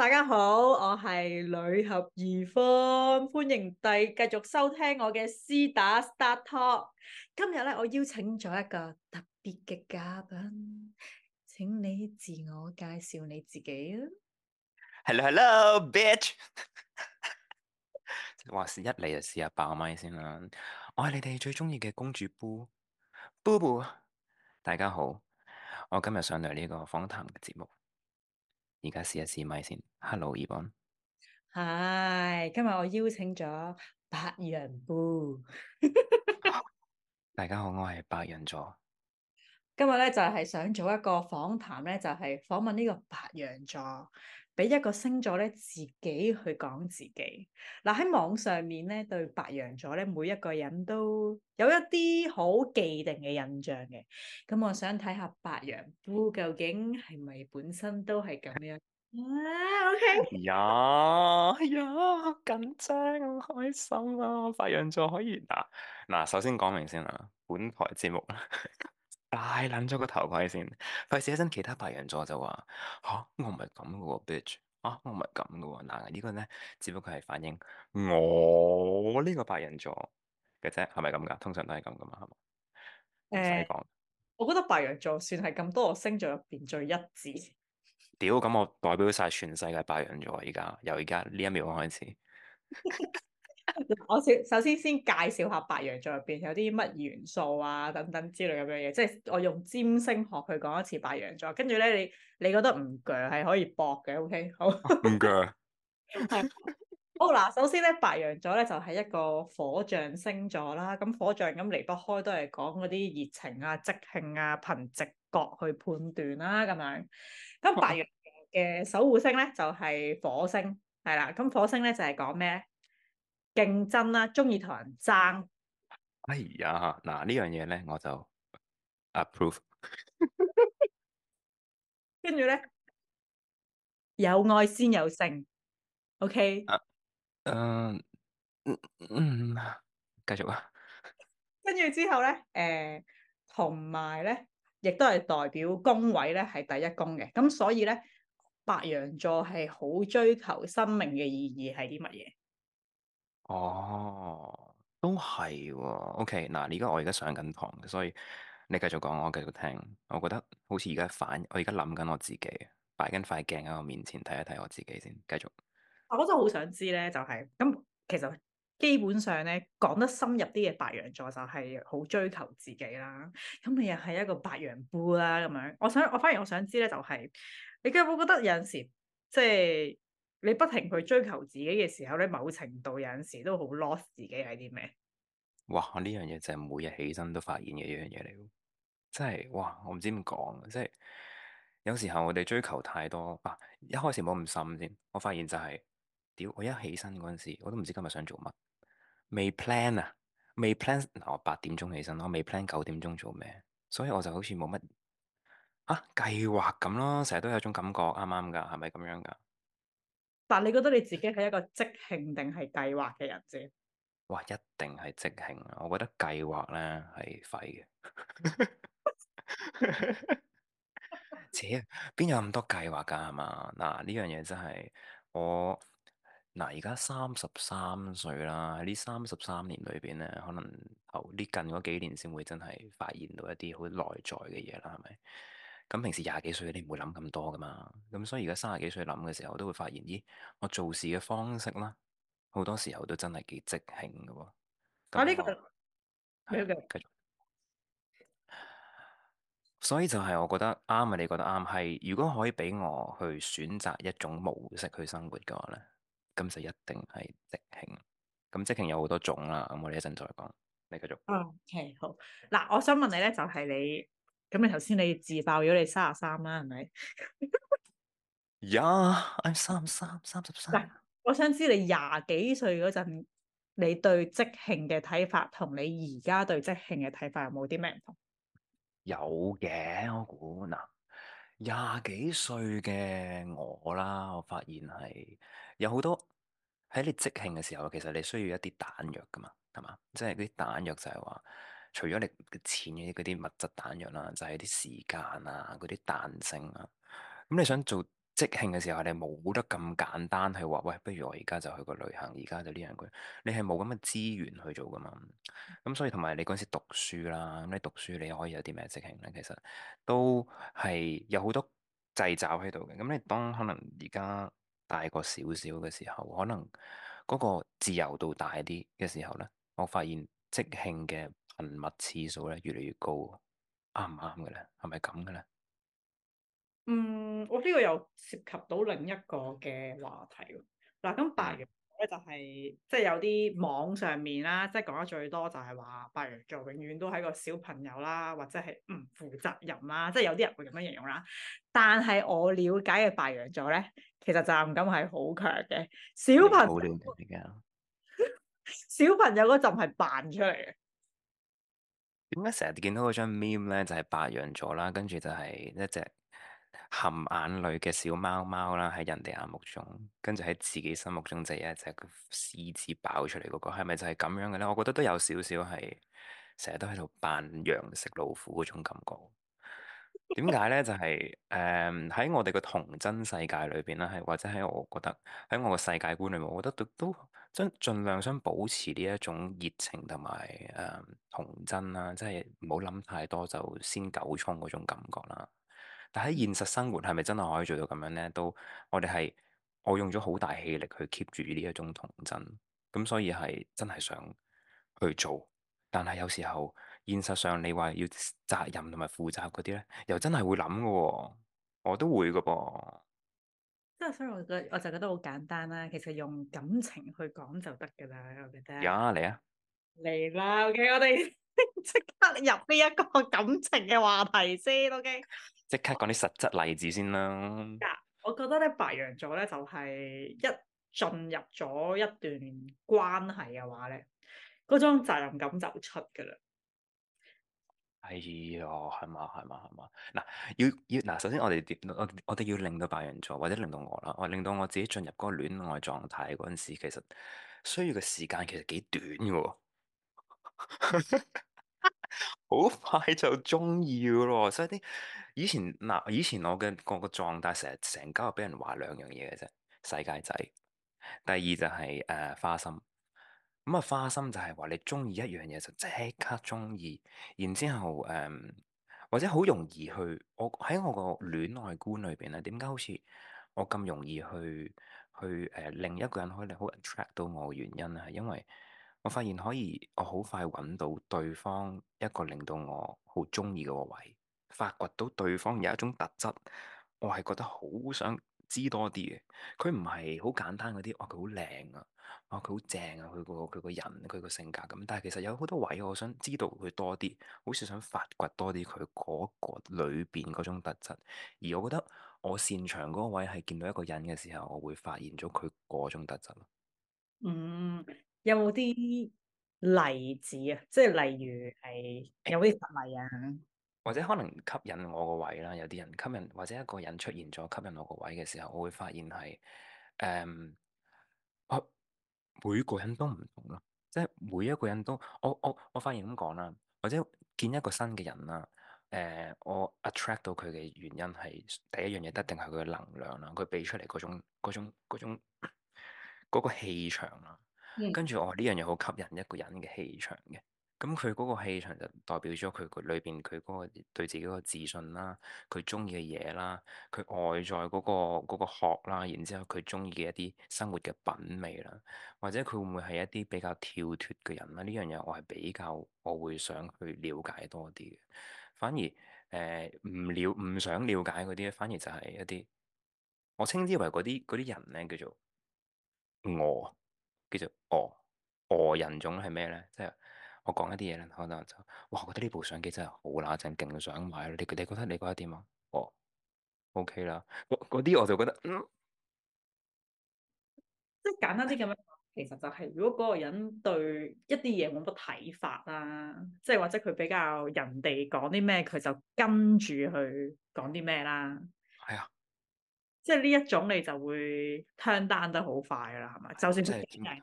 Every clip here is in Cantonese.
大家好，我係女俠二芬，歡迎第繼續收聽我嘅私打 start talk。今日我邀請咗一個特別嘅嘉賓，請你自我介紹你自己 Hello, Hello, bitch! 話 時一嚟就試下爆咪先啦。我係你哋最中意嘅公主 boo, boo boo，大家好，我今日上嚟呢個訪談嘅節目。而家試一試咪先，Hello，e Yvonne。係，Hi, 今日我邀請咗白羊 BU 大家好，我係白羊座。今日咧就係、是、想做一個訪談咧，就係、是、訪問呢個白羊座。俾一個星座咧自己去講自己，嗱，喺網上面咧對白羊座咧每一個人都有一啲好既定嘅印象嘅，咁我想睇下白羊 BU 究竟係咪本身都係咁樣？ 啊？O K，、哎、呀，好緊張，好緊張好開心啊！白羊座可以嗱嗱，首先講明先啦，本台節目。 大捻咗個頭盔先，費事一陣其他白羊座就話吓我唔係咁噶喎，啊我唔係咁噶喎，嗱、啊啊、呢個咧只不過係反應我呢個白羊座嘅啫，係咪咁噶？通常都係咁噶嘛，係嘛？誒、欸，我覺得白羊座算係咁多個星座入邊最一致。屌咁，我代表晒全世界白羊座，而家由而家呢一秒開始。 我先首先先介紹下白羊座入邊有啲乜元素啊等等之類咁樣嘢，即係我用占星學去講一次白羊座，跟住咧你你覺得唔鋸係可以駁嘅，OK 好唔鋸係。哦 嗱屌， 首先咧白羊座咧就係、是、一個火象星座啦，咁火象咁離不開都係講嗰啲熱情啊、即興啊、憑直覺去判斷啦咁樣。咁白羊嘅守護星咧就係、是、火星，係啦、啊。咁火星咧就係講咩？競爭啦，中意同人爭。哎呀，嗱呢樣嘢咧，我就 approve。跟住咧，有愛先有性。OK。嗯嗯嗯，繼續啊。跟住之後咧，誒，同埋咧，亦都係代表宮位咧係第一宮嘅。咁所以咧，白羊座係好追求生命嘅意義係啲乜嘢？哦，都係喎。OK，嗱，而家我而家上緊堂，所以你繼續講，我繼續聽。我覺得好似而家反，我而家諗緊我自己，擺緊塊鏡喺我面前睇一睇我自己先。繼續，我都好想知咧，就係咁。其實基本上咧，講得深入啲嘅白羊座就係好追求自己啦。咁你又係一個白羊 BU 啦，咁樣。我想，我反而我想知咧，就係你有冇覺得有陣時即係。就是你不停去追求自己嘅時候咧，某程度有陣時都好 lost 自己係啲咩？哇！呢樣嘢就係每日起身都發現嘅一樣嘢嚟咯，即係哇！我唔知點講，即係有時候我哋追求太多啊！一開始冇咁深先，我發現就係、是、屌我一起身嗰陣時，我都唔知今日想做乜，未 plan 啊，未 plan、啊、我八點鐘起身咯，我未 plan 九點鐘做咩，所以我就好似冇乜啊計劃咁咯，成日都有一種感覺啱啱㗎，係咪咁樣㗎？但你覺得你自己係一個即興定係計劃嘅人啫？哇！一定係即興啊！我覺得計劃咧係廢嘅。切，邊有咁多計劃㗎？係嘛？嗱，呢樣嘢真係我嗱，而家三十三歲啦，喺呢三十三年裏邊咧，可能後呢近嗰幾年先會真係發現到一啲好內在嘅嘢啦，係咪？咁平時廿幾歲，你唔會諗咁多噶嘛？咁所以而家三十幾歲諗嘅時候，我都會發現，咦，我做事嘅方式啦，好多時候都真係幾即興嘅喎、哦。啊，呢個係啊，是繼續。所以就係我覺得啱啊，你覺得啱係。如果可以俾我去選擇一種模式去生活嘅話咧，咁就一定係即興。咁即興有好多種啦，咁我哋一陣再講。你繼續。嗯、哦、OK，好。嗱，我想問你咧，就係、是、你。咁你頭先你自爆咗你三十三啦，係咪？呀、 yeah，我三三三十三。但係我想知你廿幾歲嗰陣，你對即興嘅睇法同你而家對即興嘅睇法有冇啲咩唔同？有嘅，我估嗱廿幾歲嘅我啦，我發現係有好多喺你即興嘅時候，其實你需要一啲彈藥㗎嘛，係嘛？即係啲彈藥就係話。除咗你嘅錢嘅嗰啲物質彈藥啦，就係啲時間啊，嗰啲彈性啊。咁你想做即興嘅時候，你冇得咁簡單去話喂，不如我而家就去個旅行，而家就呢樣嗰樣，你係冇咁嘅資源去做噶嘛。咁所以同埋你嗰時讀書啦，咁你讀書你可以有啲咩即興咧？其實都係有好多掣肘喺度嘅。咁你當可能而家大個少少嘅時候，可能嗰個自由度大啲嘅時候咧，我發現即興嘅。親密次數咧，越嚟越高，啱唔啱嘅咧？係咪咁嘅咧？嗯，我、哦、呢、這個又涉及到另一個嘅話題嗱，咁、啊、白羊咧就係、是嗯，即係有啲網上面啦，即係講得最多就係話白羊座永遠都係個小朋友啦，或者係唔負責任啦，即係有啲人會咁樣形容啦。但係我了解嘅白羊座咧，其實責任感係好強嘅。小朋友， 小朋友嗰陣係扮出嚟嘅。點解成日見到嗰張 meme 咧？就係白羊座啦，跟住就係一隻含眼淚嘅小貓貓啦，喺人哋眼目中，跟住喺自己心目中就有一隻獅子爆出嚟嗰個，係咪就係咁樣嘅咧？我覺得都有少少係成日都喺度扮羊食老虎嗰種感覺。點解咧？就係、是、誒，喺、嗯、我哋個童真世界裏邊啦，係或者喺我覺得喺我個世界觀裏面，我覺得都都真盡量想保持呢一種熱情同埋誒童真啦、啊，即係唔好諗太多就先夠衝嗰種感覺啦。但喺現實生活係咪真係可以做到咁樣咧？都我哋係我用咗好大氣力去 keep 住呢一種童真，咁所以係真係想去做，但係有時候。現實上，你話要責任同埋負責嗰啲咧，又真係會諗嘅喎，我都會嘅噃、哦。即係所以我覺得，我就覺得好簡單啦。其實用感情去講就得嘅啦，我覺得。有啊，嚟啊，嚟啦。O、okay，OK，我哋即刻入呢一個感情嘅話題先。OK，即刻講啲實質例子先啦。 我覺得咧，白羊座咧就係一進入咗一段關係嘅話咧，嗰種責任感就出嘅啦。係咯，係嘛、哎，係嘛，係嘛。嗱，要要嗱，首先我哋點我我哋要令到白羊座，或者令到我啦，或令到我自己進入嗰個戀愛狀態嗰陣時，其實需要嘅時間其實幾短㗎，好 快就中意咯。所以啲以前嗱，以前我嘅個個狀態成日成家俾人話兩樣嘢嘅啫，世界仔，第二就係、是、誒、呃、花心。咁啊，花心就係話你中意一樣嘢就即刻中意，然之後誒、嗯，或者好容易去，我喺我個戀愛觀裏邊咧，點解好似我咁容易去去誒，另、呃、一個人可以好 attract 到我嘅原因咧，係因為我發現可以我好快搵到對方一個令到我好中意嘅位，發掘到對方有一種特質，我係覺得好想知多啲嘅，佢唔係好簡單嗰啲，哇佢好靚啊。啊，佢好、哦、正啊！佢個佢個人，佢個性格咁，但係其實有好多位，我想知道佢多啲，好似想發掘多啲佢嗰個裏邊嗰種特質。而我覺得我擅長嗰個位係見到一個人嘅時候，我會發現咗佢嗰種特質咯。嗯，有冇啲例子啊？即、就、係、係、例如係有啲實例啊、欸？或者可能吸引我個位啦，有啲人吸引，或者一個人出現咗吸引我個位嘅時候，我會發現係誒、嗯、我每個人都唔同咯，即係每一個人都，我我我發現咁講啦，或者見一個新嘅人啦，誒、呃，我 attract 到佢嘅原因係第一樣嘢一定係佢嘅能量啦，佢俾出嚟嗰種嗰種嗰種嗰個氣場啦，Yeah. 跟住我話呢樣嘢好吸引一個人嘅氣場嘅。咁佢嗰個氣場就代表咗佢佢裏邊佢嗰個對自己嗰個自信啦，佢中意嘅嘢啦，佢外在嗰個嗰個殼啦，然之後佢中意嘅一啲生活嘅品味啦，或者佢會唔會係一啲比較跳脱嘅人咧？呢樣嘢我係比較我會想去了解多啲嘅。反而誒唔、呃、了唔想了解嗰啲咧，反而就係一啲我稱之為嗰啲啲人咧，叫做我，叫做餓餓人種係咩咧？即係。我講一啲嘢咧，可能就哇，覺得呢部相機真係好乸正，勁想買，你你覺得你覺得點啊？哦，OK 啦。嗰啲我就覺得，即、嗯、係簡單啲咁樣，其實就係、是、如果嗰個人對一啲嘢冇乜睇法啦，即係或者佢比較人哋講啲咩，佢就跟住去講啲咩啦。係啊、哎呀，即係呢一種你就會聽 d 得好快啦，係咪的？就算佢幾人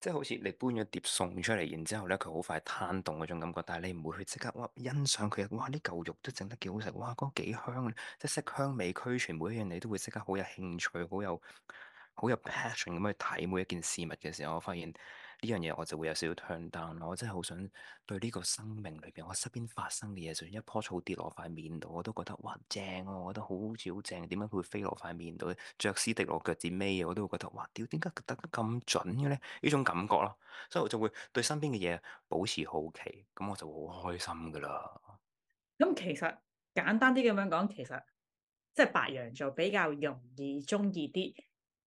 即係好似你搬咗碟餸出嚟，然之後咧佢好快攤凍嗰種感覺，但係你唔會去即刻哇欣賞佢啊，哇啲嚿肉都整得幾好食，哇嗰個幾香，即係色香味俱全，每一樣你都會即刻好有興趣，好有好有 passion 咁去睇每一件事物嘅時候，我發現。呢樣嘢我就會有少少暢啖咯，我真係好想對呢個生命裏邊，我身邊發生嘅嘢，就算一棵草跌落塊面度，我都覺得哇，正啊，我覺得好似好正啊。點解佢會飛落塊面度咧？石屎跌落腳趾尾，我都會覺得哇，屌，點解得咁準嘅咧？呢種感覺咯，所以我就會對身邊嘅嘢保持好奇，咁我就會好開心噶啦。咁其實簡單啲咁樣講，其實即係白羊座比較容易中意啲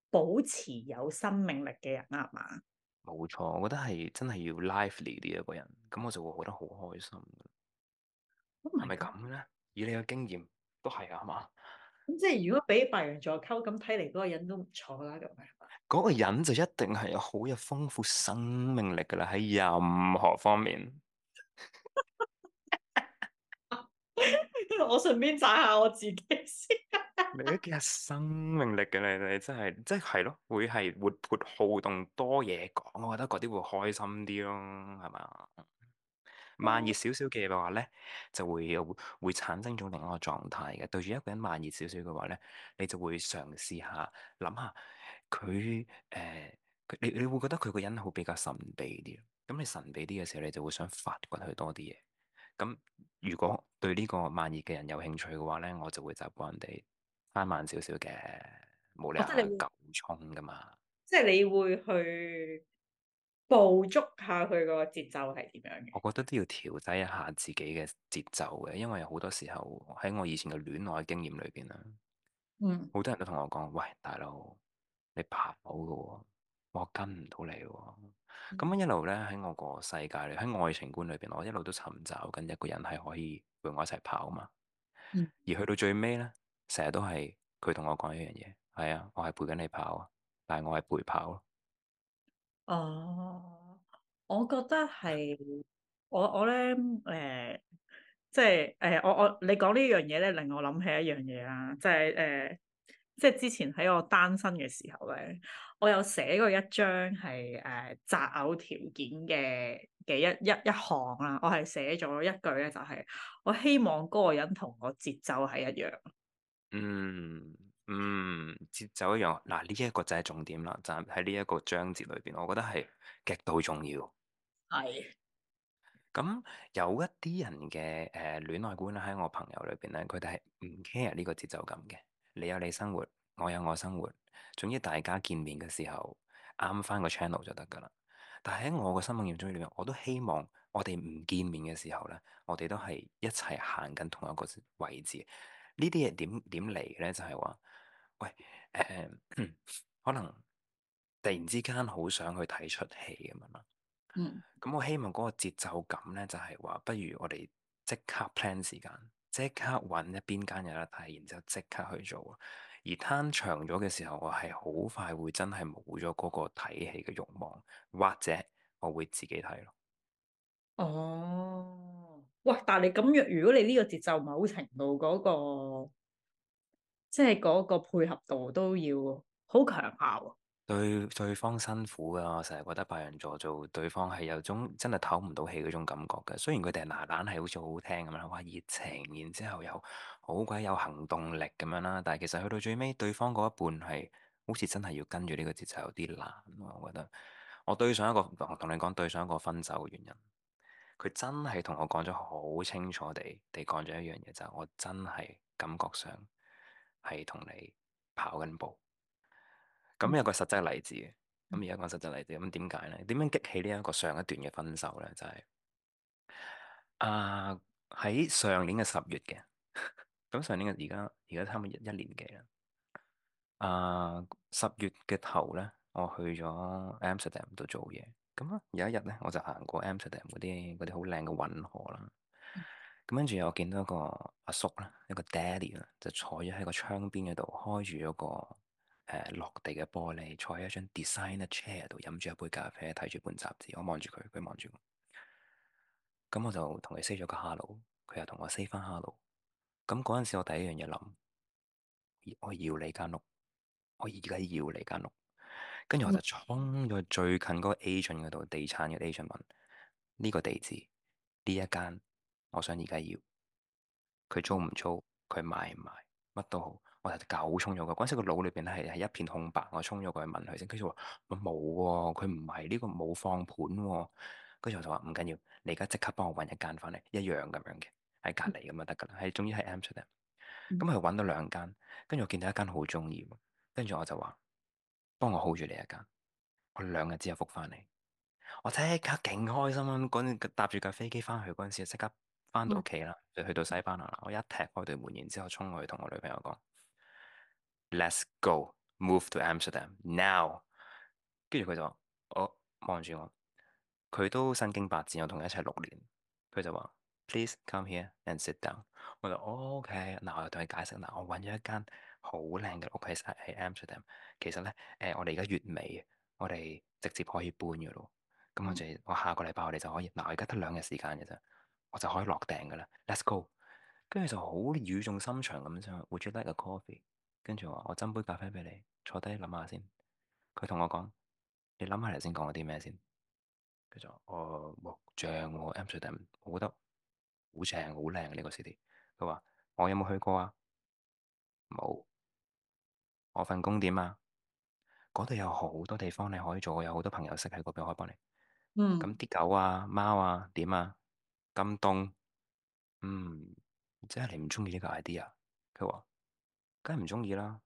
保持有生命力嘅人，啱嘛？冇錯，我覺得係真係要 lively 啲一,一個人，咁我就會覺得好開心。係咪咁咧？以你嘅經驗，都係啊嘛？咁即係如果俾白羊座溝，咁睇嚟嗰個人都唔錯啦，係咪？嗰個人就一定係有好有豐富生命力噶啦，喺任何方面。 我順便讚下我自己先。 你嘅生命力嘅咧，即係即係係咯，會係活潑好動，多嘢講，我覺得嗰啲會開心啲咯，係嘛？慢熱少少嘅話咧，就會會，會產生種另外一個狀態嘅。對住一個人慢熱少少嘅話咧，你就會嘗試下諗下佢誒、呃，你你會覺得佢個人好比較神秘啲。咁你神秘啲嘅時候你就會想發掘佢多啲嘢。咁如果對呢個慢熱嘅人有興趣嘅話咧，我就會習慣地。差慢少少嘅，冇理由咁衝噶嘛。即係你會去捕捉下佢個節奏係點樣嘅？我覺得都要調劑一下自己嘅節奏嘅，因為好多時候喺我以前嘅戀愛經驗裏邊啦，嗯，好多人都同我講，喂，大佬你跑嘅，我跟唔到你。咁樣、嗯、一路咧喺我個世界裏，喺愛情觀裏邊，我一路都尋找緊一個人係可以陪我一齊跑嘛。嗯，而去到最尾咧。成日都係佢同我講一樣嘢，係啊，我係陪緊你跑啊，但係我係陪跑咯。哦，我覺得係我我咧誒、呃，即係誒、呃、我我你講呢樣嘢咧，令我諗起一樣嘢啦，就係誒，即係、呃、之前喺我單身嘅時候咧，我有寫過一張係誒擇偶條件嘅嘅一一一項啦。我係寫咗一句咧、就是，就係我希望嗰個人同我節奏係一樣。嗯，嗯，節奏一樣嗱，呢、啊、一、這個就係重點啦，站喺呢一個章節裏邊，我覺得係極度重要。係是，咁、嗯、有一啲人嘅，誒戀愛觀喺我朋友裏邊咧，佢哋係唔 care 呢個節奏感嘅，你有你生活，我有我生活，總之大家見面嘅時候啱翻個 channel 就得噶啦。但係喺我個生命業中點樣，我都希望我哋唔見面嘅時候咧，我哋都係一齊行緊同一個位置。呢啲嘢點點嚟嘅咧？就係話，喂，誒，呃，嗯，可能突然之間好想去睇出戲咁樣咯。嗯。咁我希望嗰個節奏感咧，就係話，不如我哋即刻 plan 時間，即刻揾一邊間有得睇，然之後即刻去做。而攤長咗嘅時候，我係好快會真係冇咗嗰個睇戲嘅慾望，或者我會自己睇咯。哦。哇！但係你咁樣，如果你呢個節奏唔係好程度，嗰個，嗰個即係嗰個配合度都要好強效，對對方辛苦噶。我成日覺得白羊座做，做對方係有種真係唞唔到氣嗰種感覺嘅。雖然佢哋係嗱嗱係好似好好聽咁樣，話熱情，然後之後又好鬼有行動力咁樣啦。但係其實去到最尾，對方嗰一半係好似真係要跟住呢個節奏有啲難。我覺得我對上一個，我同你講對上一個分手嘅原因。佢真係同我講咗好清楚地，地講咗一樣嘢，就係、是、我真係感覺上係同你跑緊步。咁有個實際例子嘅，咁而家講實際例子，咁點解咧？點樣激起呢一個上一段嘅分手咧？就係啊喺上年嘅十月嘅，咁 上年嘅而家而家差唔多一一年幾啦。啊、uh, 十月嘅頭咧，我去咗 Amsterdam 度做嘢。咁啊，有一日咧，我就行過 Amsterdam 嗰啲嗰啲好靚嘅運河啦。咁跟住我見到一個阿叔啦，一個爹哋啦，就坐咗喺個窗邊嗰度，開住嗰個誒、呃、落地嘅玻璃，坐喺一張 designer chair 度，飲住一杯咖啡，睇住本雜誌。我望住佢，佢望住我。咁我就同佢 say 咗個 hello，佢又同我 say 翻 hello。咁嗰陣時，我第一樣嘢諗，我要你間屋，我而家要你間屋。跟住我就衝咗最近嗰個 agent 嗰度，地產嘅 agent 問呢、這個地址呢一間，我想而家要佢，租唔租？佢賣唔賣？乜都好，我就就狗衝咗佢。嗰陣時個腦裏邊咧係一片空白，我衝咗去問佢先，跟住話冇喎，佢唔係呢個冇放盤喎、啊。跟住我就話唔緊要，你而家即刻幫我揾一間翻嚟一樣咁樣嘅喺隔離咁就得噶啦，係，總之係 Amsterdam。咁佢揾到兩間，跟住我見到一間好中意，跟住我就話。幫我 hold 住你一間，我兩日之後覆翻你。我即刻勁開心啦！嗰陣搭住架飛機翻去嗰陣時，即刻翻到屋企啦，就去到西班牙啦。我一踢開對門，然之後衝過去同我女朋友講 NP：Let's go move to Amsterdam now。跟住佢就話：我望住我，佢都身經百戰。我同佢一齊六年，佢就話 M：Please come here and sit down。我就 OK 嗱，我又同佢解釋嗱，我揾咗一間。好靚嘅屋企喺 Amsterdam，其實咧誒，我哋而家月尾，我哋直接可以搬嘅咯。咁我哋我下個禮拜我哋就可以。嗱，我而家得兩日時間嘅啫，我就可以落訂㗎啦。Let's go。跟住就好語重心長咁樣，Would you like a coffee？跟住我話，我斟杯咖啡俾你，坐低諗下先。佢同我講：你諗下嚟先，講咗啲咩先？跟住我話：哦，木匠像 Amsterdam，我覺得好正，好靚呢個 city。佢話：我有冇去過啊？冇。我份工點啊？嗰度有好多地方你可以做，有好多朋友識喺嗰邊，邊可以幫你。嗯。咁啲、嗯、狗啊、貓啊點啊？咁凍、啊，嗯，即係你唔中意呢個 idea？佢話梗係唔中意啦。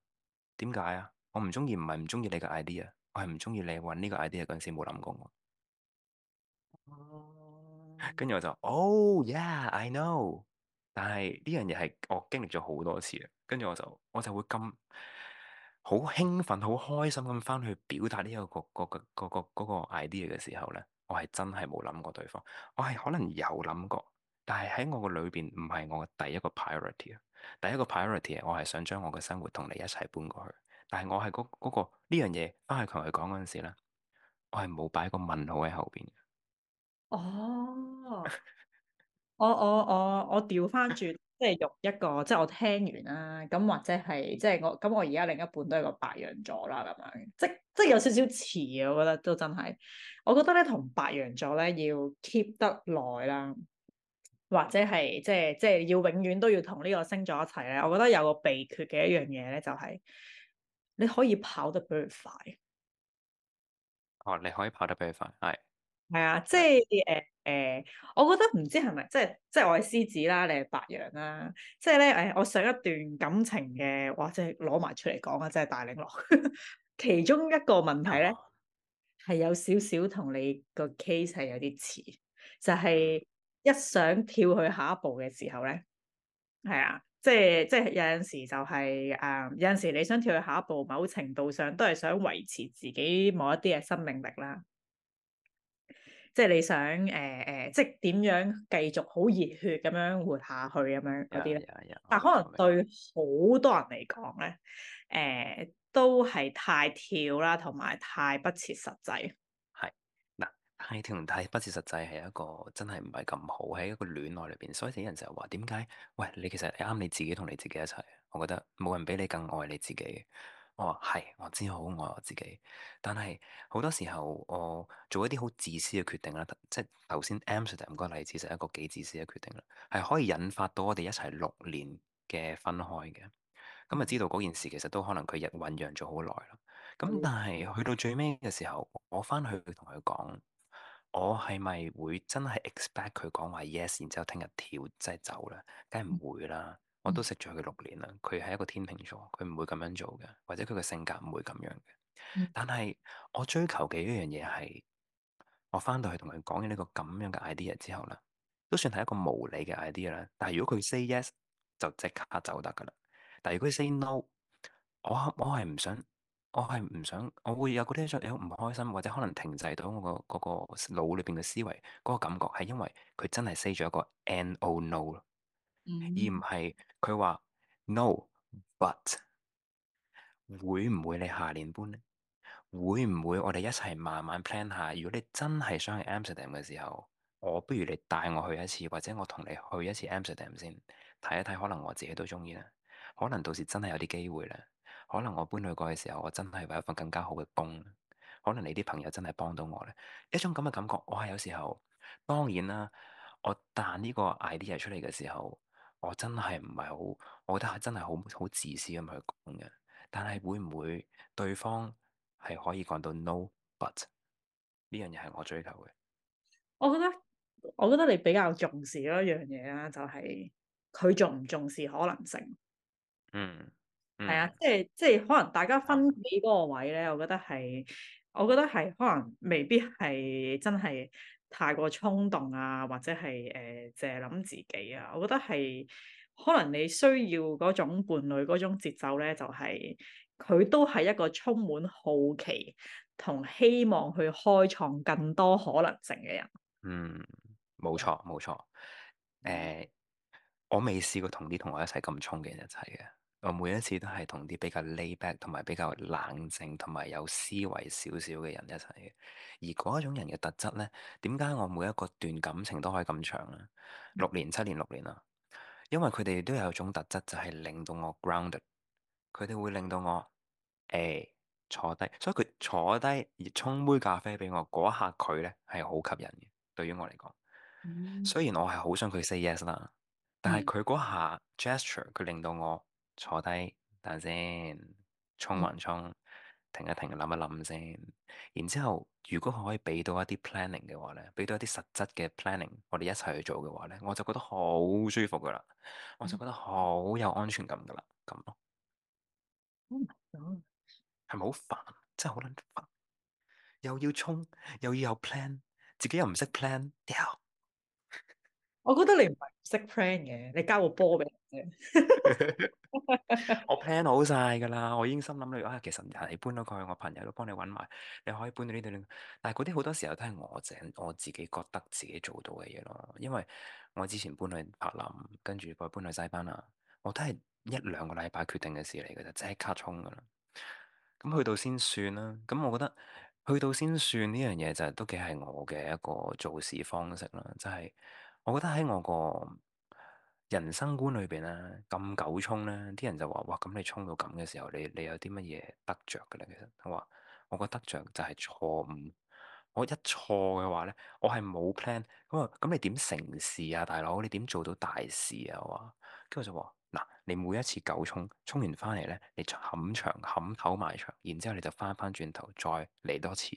點解啊？我唔中意，唔係唔中意你個 idea，我係唔中意你搵呢個 idea 嗰陣時冇諗過。我。跟住我就哦、oh, yeah，I know。但係呢樣嘢係我經歷咗好多次啦。跟住我就，我就會咁。好興奮、好開心咁翻去表達呢、個、個、個、個嗰個 idea 嘅時候呢，我係真係冇諗過對方，我係可能有諗過，但係喺我個裏邊唔係我嘅第一個 priority 啊，第一個 priority 我係想將我嘅生活同你一齊搬過去，但係我係嗰、嗰個、嗰個嗰個樣呢樣嘢翻去同佢講嗰陣時咧，我係冇擺個問號喺後邊哦， 我我我我調翻轉。 即係用一個，即係我聽完啦，咁或者係即係我咁，我而家另一半都係個白羊座啦，咁樣即即係有少少遲啊！我覺得都真係，我覺得咧同白羊座咧要 keep 得耐啦，或者係即係即係要永遠都要同呢個星座一齊咧。我覺得有個秘訣嘅一樣嘢咧，就係你可以跑得比佢快。哦，你可以跑得比佢快，係係啊，即係誒。呃誒、呃，我覺得唔知係咪，即係即係我係獅子啦，你係白羊啦，即係咧誒，我上一段感情嘅，哇，即係攞埋出嚟講啊，真係大嶺落。 其中一個問題咧，係有少少同你個 case 係有啲似，就係、是、一想跳去下一步嘅時候咧，係啊，即係即係有陣時就係、是、誒、呃，有陣時你想跳去下一步，某程度上都係想維持自己某一啲嘅生命力啦。即係你想誒誒、呃，即係點樣繼續好熱血咁樣活下去咁樣嗰啲咧？Yeah, yeah, yeah，但可能對好多人嚟講咧，誒、呃、都係太跳啦，同埋太不切實際。係嗱，太跳同太不切實際係一個真係唔係咁好喺一個戀愛裏邊，所以啲人成日話點解？喂，你其實啱你，你自己同你自己一齊，我覺得冇人比你更愛你自己。我係、哦、我知好愛我自己，但係好多時候我做一啲好自私嘅決定啦，即係頭先 Amsterdam 個例子就係一個幾自私嘅決定啦，係可以引發到我哋一齊六年嘅分開嘅。咁啊知道嗰件事其實都可能佢日醖釀咗好耐啦。咁但係去到最尾嘅時候，我翻去同佢講，我係咪會真係 expect 佢講話 yes，然之後聽日跳即係、就是、走咧？梗係唔會啦。我都識咗佢六年啦。佢係一個天秤座，佢唔會咁樣做嘅，或者佢個性格唔會咁樣嘅。嗯、但係我追求嘅一樣嘢係，我翻到去同佢講緊呢個咁樣嘅 idea 之後啦，都算係一個無理嘅 idea 啦。但係如果佢 say yes，就即刻走得㗎啦。但係如果佢 say no，我我係唔想，我係唔想，我會有啲想唔開心或者可能停滯到我、嗰個嗰、嗰個腦裏邊嘅思維嗰、嗰個感覺，係因為佢真係 say 咗一個 no, no 而唔係佢話 no，but 會唔會你下年搬呢？會唔會我哋一齊慢慢 plan 下？如果你真係想去 Amsterdam 嘅時候，我不如你帶我去一次，或者我同你去一次 Amsterdam 先睇一睇，可能我自己都中意啦。可能到時真係有啲機會咧。可能我搬去過嘅時候，我真係為一份更加好嘅工。可能你啲朋友真係幫到我咧，一種咁嘅感覺。我係有時候，當然啦，我彈呢個 idea 出嚟嘅時候。我真係唔係好，我覺得係真係好好自私咁去講嘅。但係會唔會對方係可以講到 no？But 呢樣嘢係我追求嘅。我覺得，我覺得你比較重視嗰樣嘢啦，就係佢重唔重視可能性。嗯，係、嗯、啊，即係即係，就是、可能大家分畀個位咧？我覺得係，我覺得係，可能未必係真係。太過衝動啊，或者係誒，淨係諗自己啊，我覺得係可能你需要嗰種伴侶嗰種節奏咧，就係、是、佢都係一個充滿好奇同希望去開創更多可能性嘅人。嗯，冇錯冇錯。誒、呃，我未試過同啲同學一齊咁衝嘅人一齊嘅。我每一次都係同啲比較 layback 同埋比較冷靜同埋有思維少少嘅人一齊嘅，而嗰一種人嘅特質呢，點解我每一個段感情都可以咁長咧？六年七年六年啦，因為佢哋都有一種特質，就係令到我 grounded。佢哋會令到我誒、欸、坐低，所以佢坐低而沖杯咖啡俾我嗰下，佢呢係好吸引嘅。對於我嚟講，雖然我係好想佢 say yes 啦，但係佢嗰下 gesture，佢令到我。坐低等陣先，衝還衝，停一停，諗一諗先。然之後，如果可以俾到一啲 planning 嘅話咧，俾到一啲實質嘅 planning，我哋一齊去做嘅話咧，我就覺得好舒服噶啦，我就覺得好有安全感噶啦，咁咯。係咪好煩？真係好撚煩！又要衝，又要有 plan，自己又唔識 plan，屌、yeah! 我覺得你唔係唔識 plan 嘅，你交個波俾人 我 plan 好晒噶啦，我已經心諗你，啊、哎，其實你搬咗過去，我朋友都幫你揾埋，你可以搬到呢度。但係嗰啲好多時候都係我整，我自己覺得自己做到嘅嘢咯。因為我之前搬去柏林，跟住再搬去西班牙，我都係一兩個禮拜決定嘅事嚟嘅啫，即刻衝噶啦。咁去到先算啦。咁我覺得去到先算呢樣嘢就係，都幾係我嘅一個做事方式啦。就係，是、我覺得喺我個人生觀裏邊咧，咁狗衝咧，啲人就話：哇，咁你衝到咁嘅時候，你你有啲乜嘢得着嘅咧？其實，我話我個得着就係錯誤。我一錯嘅話咧，我係冇 plan。咁啊，咁你點成事啊，大佬？你點做到大事啊？我話，跟住我就話：嗱，你每一次狗衝，衝完翻嚟咧，你冚牆冚口埋牆，然之後你就翻翻轉頭再嚟多次。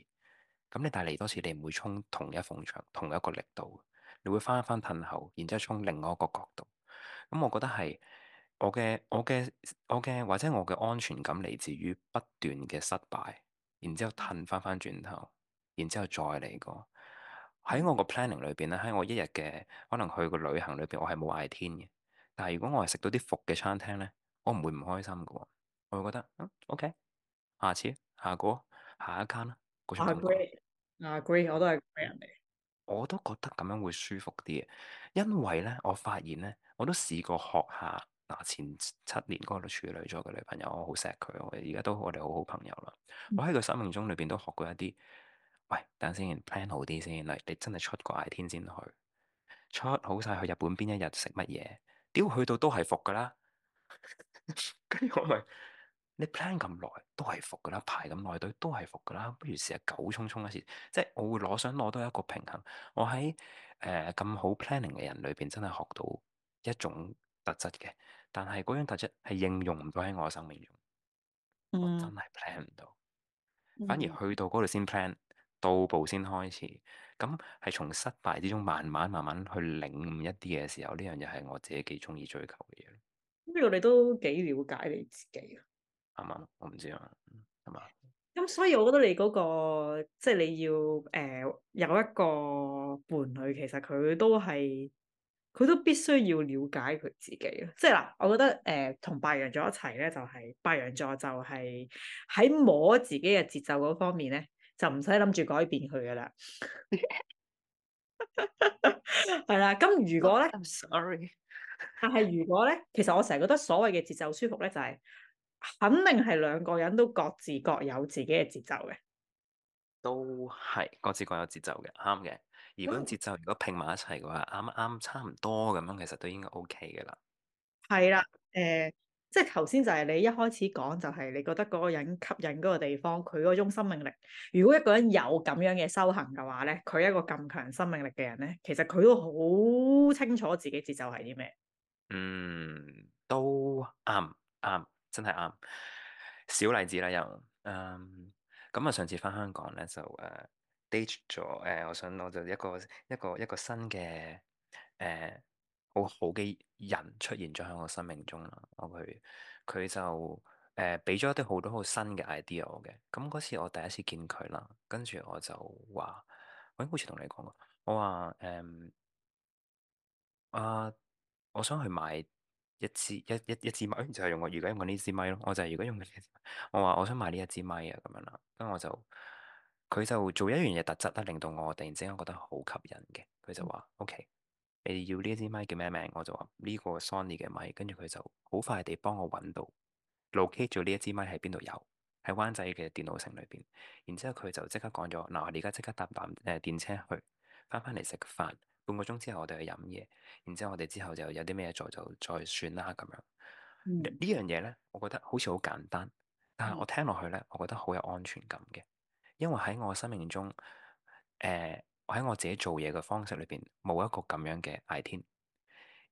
咁你但係嚟多次，你唔會衝同一埲牆，同一個力度。你會翻一翻褪後，然之後衝另外一個角度。咁、嗯、我覺得係我嘅、我嘅、我嘅，或者我嘅安全感嚟自於不斷嘅失敗，然之後褪翻翻轉頭，然之後再嚟過。喺我個 planning 裏邊咧，喺我一日嘅可能去個旅行裏邊，我係冇嗌天嘅。但係如果我係食到啲伏嘅餐廳咧，我唔會唔開心嘅喎。我會覺得嗯 OK，下次下、下個、下一間啦。Agree，Agree，我都係咁人嚟。我都覺得咁樣會舒服啲嘅，因為咧，我發現咧。我都試過學下，嗱前七年嗰個處女座嘅女朋友，我好錫佢，我而家都我哋好好朋友啦。我喺佢生命中裏邊都學過一啲，喂，等先 plan 好啲先，你真係出國捱天先去，出好晒去日本邊一日食乜嘢？屌去到都係服㗎啦，跟住 我咪你 plan 咁耐都係服㗎啦，排咁耐隊都係服㗎啦，不如試下狗沖沖一次，即係我會攞想攞到一個平衡。我喺誒咁好 planning 嘅人裏邊真係學到。一種特質嘅，但係嗰樣特質係應用唔到喺我嘅生命中，我真係 plan 唔到，反而去到嗰度先 plan，到步先開始，咁係從失敗之中慢慢慢慢去領悟一啲嘅時候，呢樣嘢係我自己幾中意追求嘅嘢。咁我哋都幾了解你自己啊，啱唔啱？我唔知啊，係、嗯、嘛？咁所以我覺得你嗰、那個，即係你要誒、呃、有一個伴侶，其實佢都係。佢都必須要了解佢自己咯，即係嗱，我覺得誒，同、呃、白羊座一齊咧，就係、是、白羊座就係喺摸自己嘅節奏嗰方面咧，就唔使諗住改變佢噶啦。係啦， 咁如果咧 'm，sorry，但係如果咧，其實我成日覺得所謂嘅節奏舒服咧，就係、是、肯定係兩個人都各自各有自己嘅節奏嘅。都係各自各有節奏嘅，啱嘅。而嗰種節奏，如果拼埋一齊嘅話，啱啱差唔多咁樣，其實都應該 OK 嘅啦。係啦，誒、呃，即係頭先就係你一開始講，就係、是、你覺得嗰個人吸引嗰個地方，佢嗰種生命力。如果一個人有咁樣嘅修行嘅話咧，佢一個咁強生命力嘅人咧，其實佢都好清楚自己節奏係啲咩。嗯，都啱啱，真係啱。小例子啦，又，咁、嗯、啊，上次返香港咧就誒、呃咗，誒、嗯，我想我就一個一個一個新嘅，誒、嗯，好好嘅人出現咗喺我生命中啦。我佢佢就，誒、嗯，俾咗一啲好多好新嘅 idea 我嘅。咁、嗯、嗰次我第一次見佢啦，跟住我就話，喂，好似同你講嘅，我話，誒、嗯，啊，我想去買一支一一一支咪，就係、是、用我如果用呢支咪咯，我就如果用佢，我話我想買呢一支咪啊，咁樣啦，咁、嗯、我就。佢就做一樣嘢特質啦，令到我突然之間覺得好吸引嘅。佢就話、嗯、：O.K.，你要呢一支麥叫咩名？我就話：呢、呢個 Sony 嘅麥。跟住佢就好快地幫我揾到 locate 咗呢一支麥喺邊度有，喺灣仔嘅電腦城裏邊。然之後佢就即刻講咗：嗱，我哋而家即刻搭南誒電車去，翻返嚟食飯，半個鐘之後我哋去飲嘢。然之後我哋之後就有啲咩做就再算啦咁樣。嗯、呢樣嘢咧，我覺得好似好簡單，但係我聽落去咧，我覺得好有安全感嘅。因為喺我生命中，誒、呃，喺我，我自己做嘢嘅方式裏邊冇一個咁樣嘅 idea。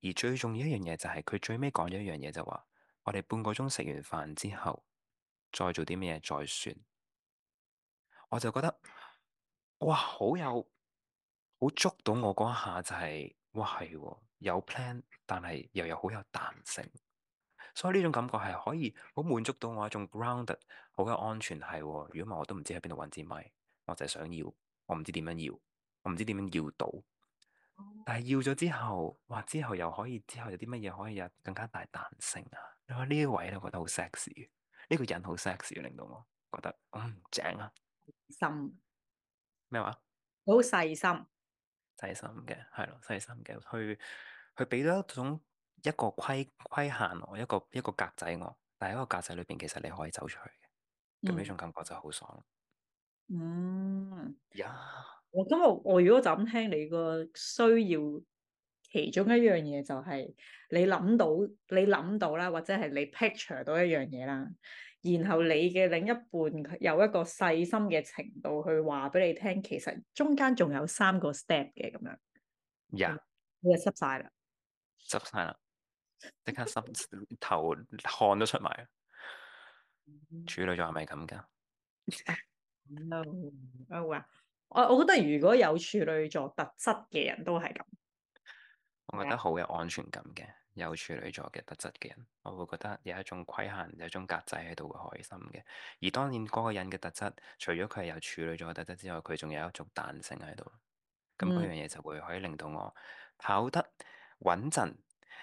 而最重要一樣嘢就係、是、佢最尾講咗一樣嘢就話、是：我哋半個鐘食完飯之後再做啲咩再算。我就覺得哇，好有好捉到我嗰一下就係、是、哇，係、哦、有 plan，但係又有好有彈性。所以呢種感覺係可以好滿足到我一種 grounded，好嘅安全係、哦。如果唔係，我都唔知喺邊度揾支咪。我就係想要，我唔知點樣要，我唔知點樣要到。但係要咗之後，哇！之後又可以，之後有啲乜嘢可以有更加大彈性啊！呢、嗯、啲位咧，覺得好 sexy。呢個人好 sexy，令到我覺得嗯正啊，細心咩話？佢好細心，細心嘅係咯，細心嘅去去俾咗一種。一個規規限我，一個一個格仔我，但係喺個格仔裏邊，其實你可以走出去嘅，咁呢、嗯、種感覺就好爽。嗯，呀 Yeah.，我今日我如果就咁聽你個需要，其中一樣嘢就係你諗到，你諗到啦，或者係你 picture 到一樣嘢啦，然後你嘅另一半有一個細心嘅程度去話俾你聽，其實中間仲有三個 step 嘅咁樣。呀，Yeah. 你就執晒啦，執晒啦。即刻心頭汗都出埋，處女座係咪咁噶？No 啊， no, no, no. 我我覺得如果有處女座特質嘅人都係咁，我覺得好有安全感嘅。有處女座嘅特質嘅人，我會覺得有一種規限，有一種格仔喺度會開心嘅。而當然嗰個人嘅特質，除咗佢係有處女座嘅特質之外，佢仲有一種彈性喺度，咁嗰、mm hmm. 樣嘢就會可以令到我跑得穩陣，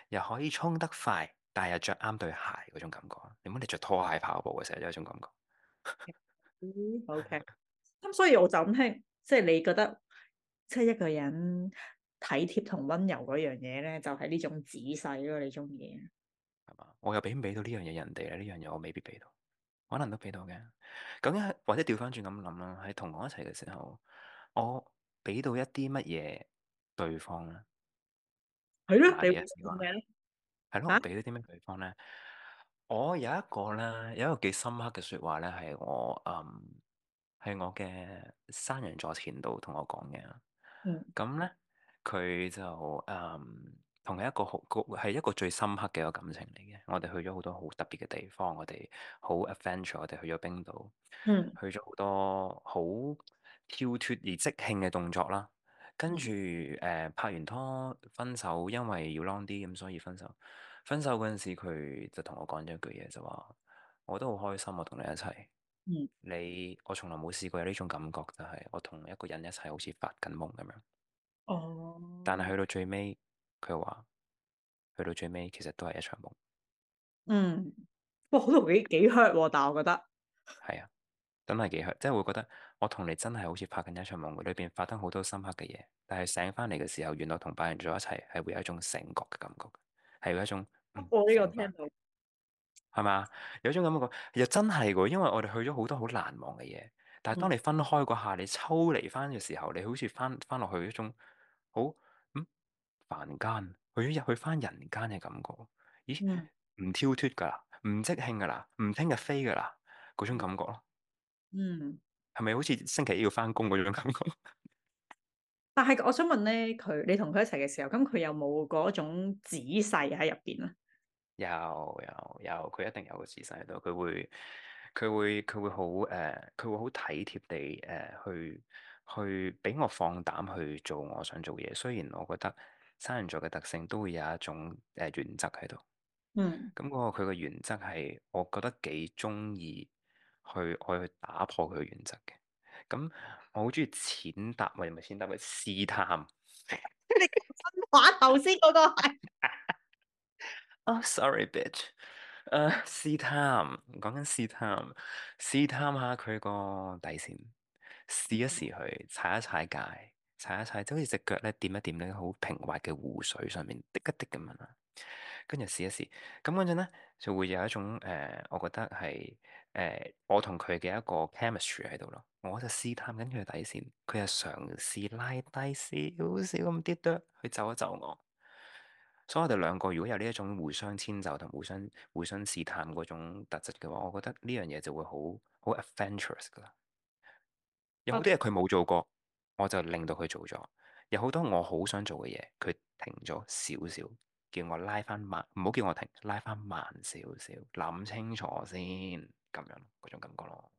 又可以衝得快，但係又着啱對鞋嗰種感覺。你唔好你着拖鞋跑步嘅時候有一種感覺。嗯 ，OK。咁所以我就咁聽，即係你覺得，即係一個人體貼同溫柔嗰樣嘢咧，就係呢種仔細咯。你中意啊？係嘛？我又俾唔俾到呢樣嘢人哋咧？呢樣嘢我未必俾到，可能都俾到嘅。咁或者調翻轉咁諗啦，喺同我一齊嘅時候，我俾到一啲乜嘢對方咧？係咧，你做咩咧？係咯，我俾咗啲咩配方咧？我有一個咧，有一個幾深刻嘅說話咧，係我嗯，係我嘅山羊座前度同我講嘅。咁咧，佢就嗯，同佢一個好高，係一個最深刻嘅一個感情嚟嘅。我哋去咗好多好特別嘅地方，我哋好 adventure，我哋去咗冰島，嗯，去咗好多好跳脫而即興嘅動作啦。跟住誒、嗯呃、拍完拖分手，因為要 long 啲咁，所以分手。分手嗰陣時，佢就同我講咗一句嘢，就話，我都好開心我同你一齊。嗯、你我從來冇試過有呢種感覺，就係、是、我同一個人一齊，好似發緊夢咁樣。哦、嗯。但係去到最尾，佢話：去到最尾，其實都係一場夢。嗯。哇，好似幾幾 hurt，啊、但係我覺得係 啊。真係幾香，即係會覺得我同你真係好似拍緊一場夢，裏邊發生好多深刻嘅嘢。但係醒翻嚟嘅時候，原來同白羊座一齊係會有一種醒覺嘅感覺，係有一種我呢個聽到係咪？有一種咁感覺又真係噶，因為我哋去咗好多好難忘嘅嘢。但係當你分開嗰下，你抽離翻嘅時候，你好似翻翻落去一種好嗯凡間去咗入去翻人間嘅感覺。咦，唔跳脫噶啦，唔即興噶啦，唔聽日飛噶啦，嗰種感覺咯。嗯，係咪好似星期一要翻工嗰種感覺？ 但係我想問咧，佢你同佢一齊嘅時候，咁佢有冇嗰種仔細喺入邊咧？有有有，佢一定有個仔細喺度，佢會佢會佢會好誒，佢會好、uh, 體貼地誒、uh,，去去俾我放膽去做我想做嘢。雖然我覺得三人座嘅特性都會有一種誒原則喺度，嗯，咁嗰個佢嘅原則係，我覺得幾中意。去可去打破佢嘅原則嘅，咁我好鍾意踐踏，唔係唔踏，咪試探。你講話 頭先嗰 個係、oh,？哦，sorry，bitch，誒、uh, 試探，講緊試探，試探下佢個底線，試一試佢，踩一踩界，踩一踩，就是、好似隻腳咧點一點喺好平滑嘅湖水上面，滴一滴咁樣啦。跟住試一試，咁嗰陣咧就會有一種誒、呃，我覺得係誒、呃，我同佢嘅一個 chemistry 喺度咯。我就試探緊佢底線，佢又嘗試拉低少少咁啲度去就一就我。所以我哋兩個如果有呢一種互相遷就同互相互相試探嗰種特質嘅話，我覺得呢樣嘢就會好好 adventurous 噶啦。有好多嘢佢冇做過，我就令到佢做咗；有好多我好想做嘅嘢，佢停咗少少。叫我拉翻慢，唔好叫我停，拉翻慢少少，諗清楚先，咁樣嗰種感覺咯。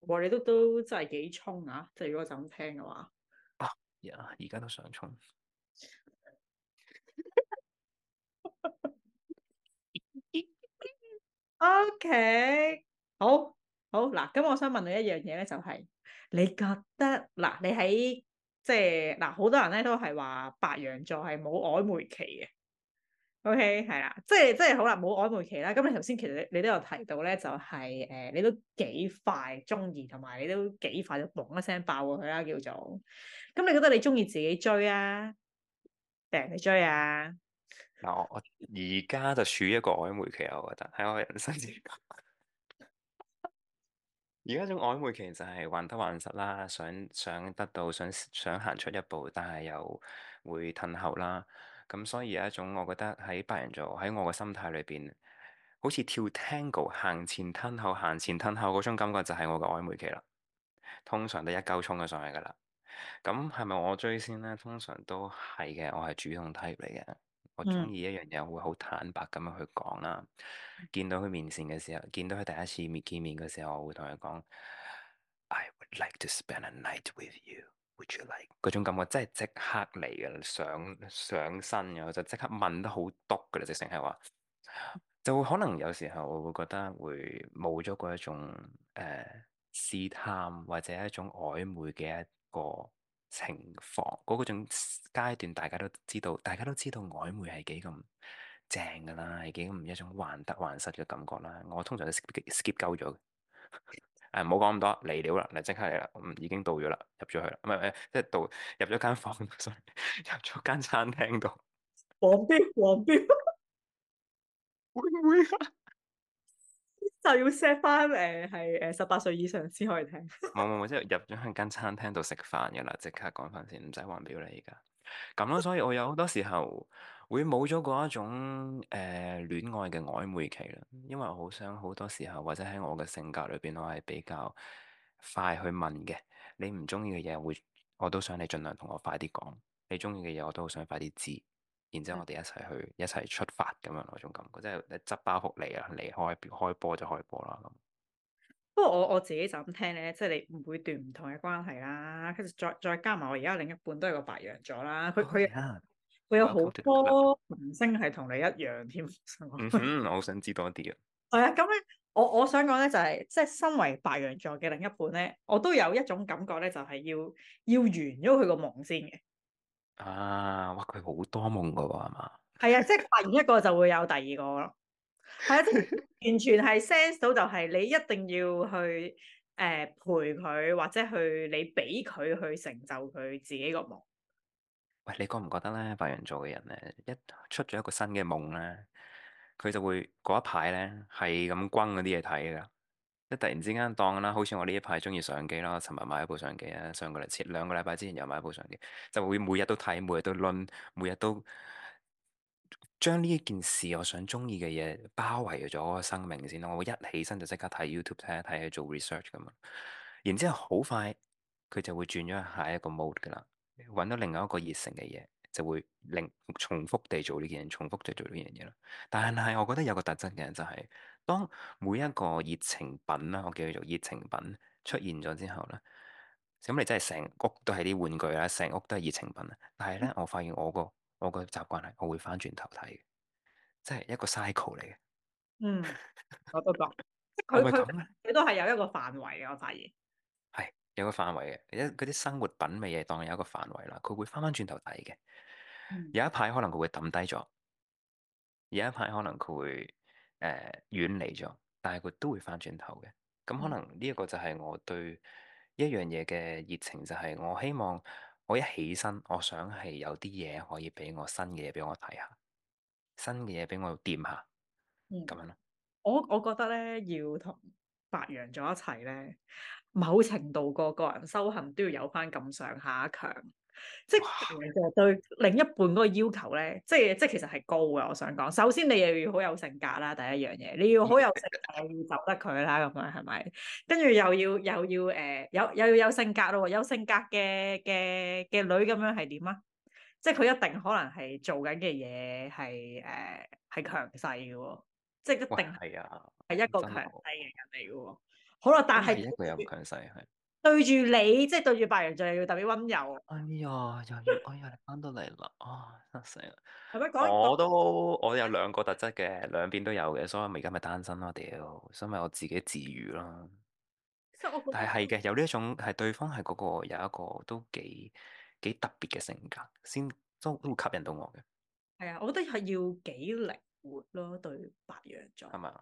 哇，你都都真係幾衝啊！即係如果就咁聽嘅話啊，而家而家都想衝。O K，好好嗱，咁我想問你一樣嘢咧，就係你覺得嗱，你喺即係嗱，好多人咧都係話白羊座係冇曖昧期嘅。O K，係啦，即係即係好啦，冇曖昧期啦。咁你頭先其實你都有提到咧、就是，就係誒，你都幾快中意，同埋你都幾快就嘣一聲爆過去啦，叫做。咁你覺得你中意自己追啊？定係追啊？嗱，我我而家就處於一個曖昧期啊，我覺得喺我人生之中。而 家種曖昧期就係患得患失啦，想想得到，想想行出一步，但係又會褪後啦。咁所以有一種，我覺得喺白羊座喺我嘅心態裏邊，好似跳 tango 行前吞後行前吞後嗰種感覺就係我嘅曖昧期啦。通常都一鳩衝咗上嚟噶啦。咁係咪我追先咧？通常都係嘅，我係主動睇入嚟嘅。我中意一樣嘢會好坦白咁樣去講啦。見到佢面前嘅時候，見到佢第一次面見面嘅時候，我會同佢講：I would like to spend a night with you。嗰、like? 種感覺真係即刻嚟嘅，上上身嘅，就即刻問得好篤㗎啦，直情係話， 就可能有時候我會覺得會冇咗嗰一種誒、呃、試探或者一種曖昧嘅一個情況，嗰個種階段大家都知道，大家都知道曖昧係幾咁正㗎啦，係幾咁一種患得患失嘅感覺啦，我通常都 skip skip 鳩咗。 誒，唔好講咁多，嚟料啦，嚟即刻嚟啦，嗯，已經到咗啦，入咗去啦，唔係唔係，即係到入咗間房間，入咗間餐廳度，黃標黃標， 會唔會啊？就要 set 翻誒，係誒十八歲以上先可以聽。冇冇冇，即係入咗喺間餐廳度食飯噶啦，即刻講翻先，唔使黃標啦，而家咁咯。所以我有好多時候。 會冇咗嗰一種誒戀愛嘅曖昧期啦，因為我好想好多時候或者喺我嘅性格裏邊，我係比較快去問嘅。你唔中意嘅嘢，會我都想你盡量同我快啲講。你中意嘅嘢，我都好想快啲知。然之後我哋一齊去一齊出發咁樣嗰種感覺，即係你執包袱嚟啦，離開開波就開波啦。不過我我自己就咁聽咧，即係你每段唔同嘅關係啦，跟住再再加埋我而家另一半都係個白羊座啦，佢佢。會有好多明星係同你一樣添，嗯嗯。我想知多啲啊。係啊，咁咧，我我想講咧就係，即係身為白羊座嘅另一半咧，我都有一種感覺咧，就係要要圓咗佢個夢先嘅。啊！哇，佢好多夢㗎喎，係嘛？係啊，即係發現一個就會有第二個咯。係啊， 完全係 sense 到就係你一定要去誒，呃，陪佢，或者去你俾佢去成就佢自己個夢。喂，你覺唔覺得咧，白羊座嘅人咧，一出咗一個新嘅夢咧，佢就會嗰一排咧係咁轟嗰啲嘢睇噶。一突然之間當啦，好似我呢一排鍾意相機咯，尋日買咗部相機啊，上個禮拜兩個禮拜之前又買一部相機，就會每日都睇，每日都論，每日都將呢一件事我想鍾意嘅嘢包圍咗個生命先咯。我會一起身就即刻睇 YouTube 睇一睇去做 research 咁樣。然之後好快佢就會轉咗下一個 mode 噶啦。揾到另外一個熱誠嘅嘢，就會令重複地做呢件事，重複地做呢樣嘢啦。但係我覺得有個特質嘅就係、是，當每一個熱情品啦，我叫佢做熱情品出現咗之後咧，咁你真係成屋都係啲玩具啦，成屋都係熱情品。但係咧，我發現我個我個習慣係我會翻轉頭睇嘅，即係一個 cycle 嚟嘅。嗯，我都覺得佢佢佢都係有一個範圍嘅，我發現。有個範圍嘅，一嗰啲生活品味嘢，當有一個範圍啦。佢會翻翻轉頭睇嘅，有一排可能佢會抌低咗，有一排可能佢會誒遠離咗，但係佢都會翻轉頭嘅。咁可能呢一個就係我對一樣嘢嘅熱情，就係、是、我希望我一起身，我想係有啲嘢可以俾我新嘅嘢俾我睇下，新嘅嘢俾我掂下，咁、嗯、樣咯。我我覺得咧要同白羊座一齊咧。某程度，個個人修行都要有翻咁上下強，即係其實對另一半嗰個要求咧哇，即係即係其實係高嘅。我想講，首先你又要好有性格啦，第一樣嘢，你要好有性格，要走得佢啦，咁樣係咪？跟住又要又要誒、呃，有又要有性格咯，有性格嘅嘅嘅女咁樣係點啊？即係佢一定可能係做緊嘅嘢係誒係強勢嘅，即係一定係啊，係一個強勢嘅人嚟嘅。好啦，但係一個又強勢，係對住你，即、就、係、是、對住白羊座又要特別溫柔。哎呀，又要哎呀，翻到嚟啦，啊、哦，得死啦！我都我有兩個特質嘅，兩邊都有嘅，所以咪而家咪單身咯，屌，所以咪我自己自愈咯。但實係係嘅，有呢一種係對方係嗰、那個有一個都幾幾特別嘅性格，先都都吸引到我嘅。係啊，我覺得係要幾靈活咯，對白羊座係嘛。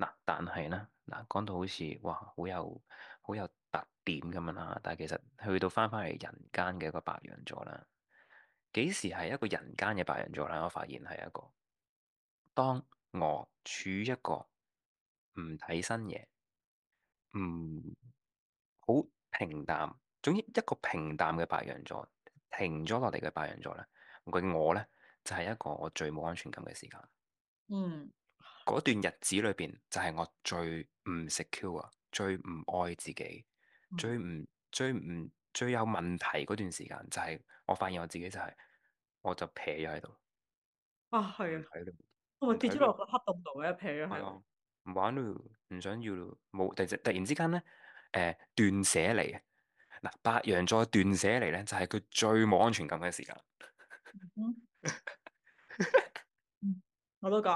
嗱，但係咧，嗱，講到好似哇，好有好有特點咁樣啦。但係其實去到翻返嚟人間嘅一個白羊座啦，幾時係一個人間嘅白羊座咧？我發現係一個當我處一個唔睇新嘢，唔、嗯、好平淡，總之一個平淡嘅白羊座停咗落嚟嘅白羊座咧，我我咧就係、是、一個我最冇安全感嘅時間。嗯。嗰段日子裏邊，就係、是、我最唔食 Q 啊，最唔愛自己，最唔最唔最有問題嗰段時間，就係、是、我發現我自己就係、是，我就撇咗喺度。啊，係啊，我咪跌出落個黑洞度嘅，撇咗喺度，唔、啊、玩咯，唔想要冇。突突然之間咧，誒斷捨離啊，嗱、呃、白羊座斷捨離咧，就係、是、佢最冇安全感嘅時間 嗯。我都覺。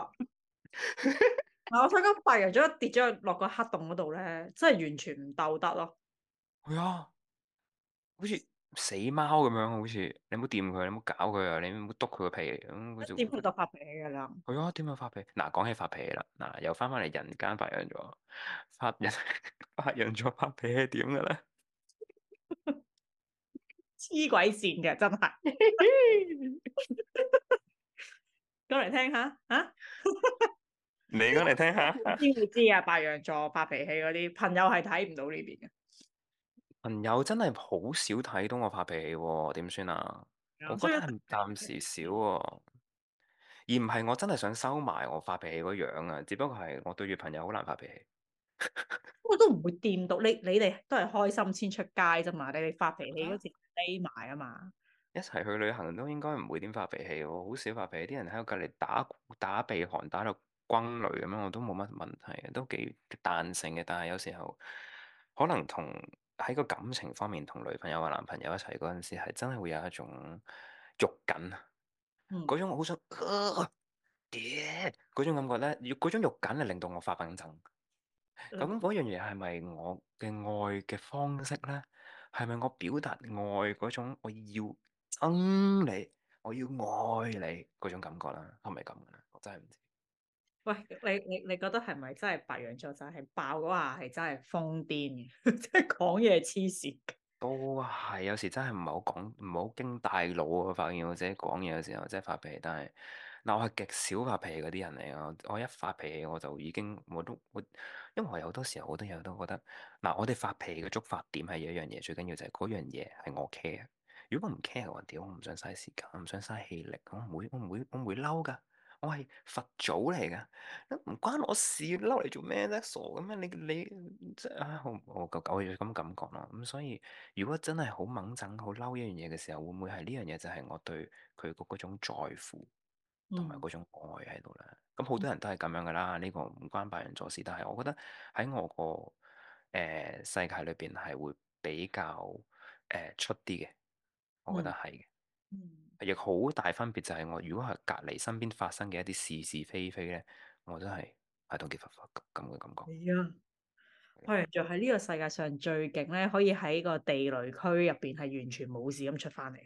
我睇緊白羊座，跌咗落個黑洞嗰度咧，真係完全唔鬥得咯。係啊、 哎，好似死貓咁樣，好似你唔好掂佢，你唔好搞佢 啊，你唔好督佢個屁咁。佢就掂佢就發脾氣噶啦。係啊，點啊發脾氣？嗱，講起發脾氣啦，嗱，又翻翻嚟人間白羊座，發人白羊座發脾氣點嘅咧？黐鬼線嘅真係，講 嚟聽下啊。 你講嚟聽，聽下，知唔知啊？白羊座發脾氣嗰啲朋友係睇唔到呢邊嘅。朋友，朋友真係好少睇到我發脾氣喎，點算啊？朋友 我覺得係暫時少喎、啊，嗯、而唔係我真係想收埋我發脾氣嗰樣啊。只不過係我對住朋友好難發脾氣， 不過都唔會掂到你。你哋都係開心先出街啫嘛，你哋發脾氣嗰時匿埋啊嘛。一齊去旅行都應該唔會點發脾氣，我好少發脾氣。啲人喺我隔籬打打鼻鼾，打到～打分咁樣，我都冇乜問題，都幾彈性嘅。但係有時候可能同喺個感情方面，同女朋友或男朋友一齊嗰陣時，係真係會有一種肉緊，嗰種好想、呃、嗰種感覺咧。嗰種肉緊，係令到我發緊憎。咁嗰樣嘢係咪我嘅愛嘅方式咧？係咪我表達愛嗰種？我要憎、嗯、你，我要愛你嗰種感覺咧，係咪咁嘅啦？我真係唔知。喂，你你你覺得係咪真係白羊座就係、是、爆真瘋癲 話哇？係真係瘋癲，即係講嘢黐綫。都係，有時真係唔係好講，唔好經大腦去、啊、發現或者自己講嘢嘅時候，真、就、係、是、發脾氣。但係嗱，我係極少發脾氣嗰啲人嚟噶。我一發脾氣，我就已經我都我，因為我有好多時候，好多人都覺得嗱，我哋發脾氣嘅觸發點係有一樣嘢，最緊要就係嗰樣嘢係我 care。如果唔 care，我屌，我唔想嘥時間，唔想嘥氣力，我唔會，我唔會，我唔會嬲噶。我係佛祖嚟嘅，唔關我事，嬲嚟做咩咧？傻嘅咩？你你即係啊！我我我會咁感覺咯。咁、嗯、所以，如果真係好掹憎、好嬲一樣嘢嘅時候，會唔會係呢樣嘢就係我對佢個嗰種在乎同埋嗰種愛喺度咧？咁好、嗯、多人都係咁樣噶啦，呢、呢個唔關白羊座事。但係我覺得喺我個誒、呃、世界裏邊係會比較誒、呃、出啲嘅，我覺得係嘅、嗯。嗯。亦好大分別就係我，如果係隔離身邊發生嘅一啲是是非非咧，我真係係到發發咁咁嘅感覺係啊。巨蟹座喺呢個世界上最勁咧，可以喺個地雷區入邊係完全冇事咁出翻嚟。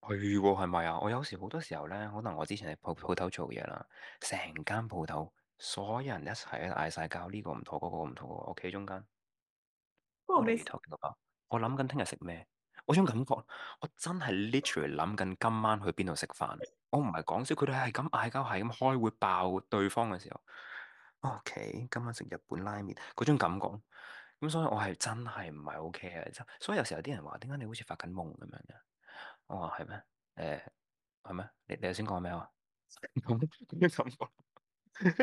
係喎，係咪啊？我有時好多時候咧，可能我之前喺鋪鋪頭做嘢啦，成間鋪頭所有人一齊嗌晒交，呢個唔妥，嗰、那個唔妥，我企喺中間。哦、我諗緊聽日食咩？嗰種感覺，我真係 literally 諗緊今晚去邊度食飯。我唔係講笑，佢哋係咁嗌交，係咁開會爆對方嘅時候。OK，今晚食日本拉麵。嗰種感覺，咁所以我係真係唔係 OK 啊！所以有時候有啲人話點解你好似發緊夢咁樣嘅？我話係咩？誒係咩？你你頭先講咩話？咁咁嘅感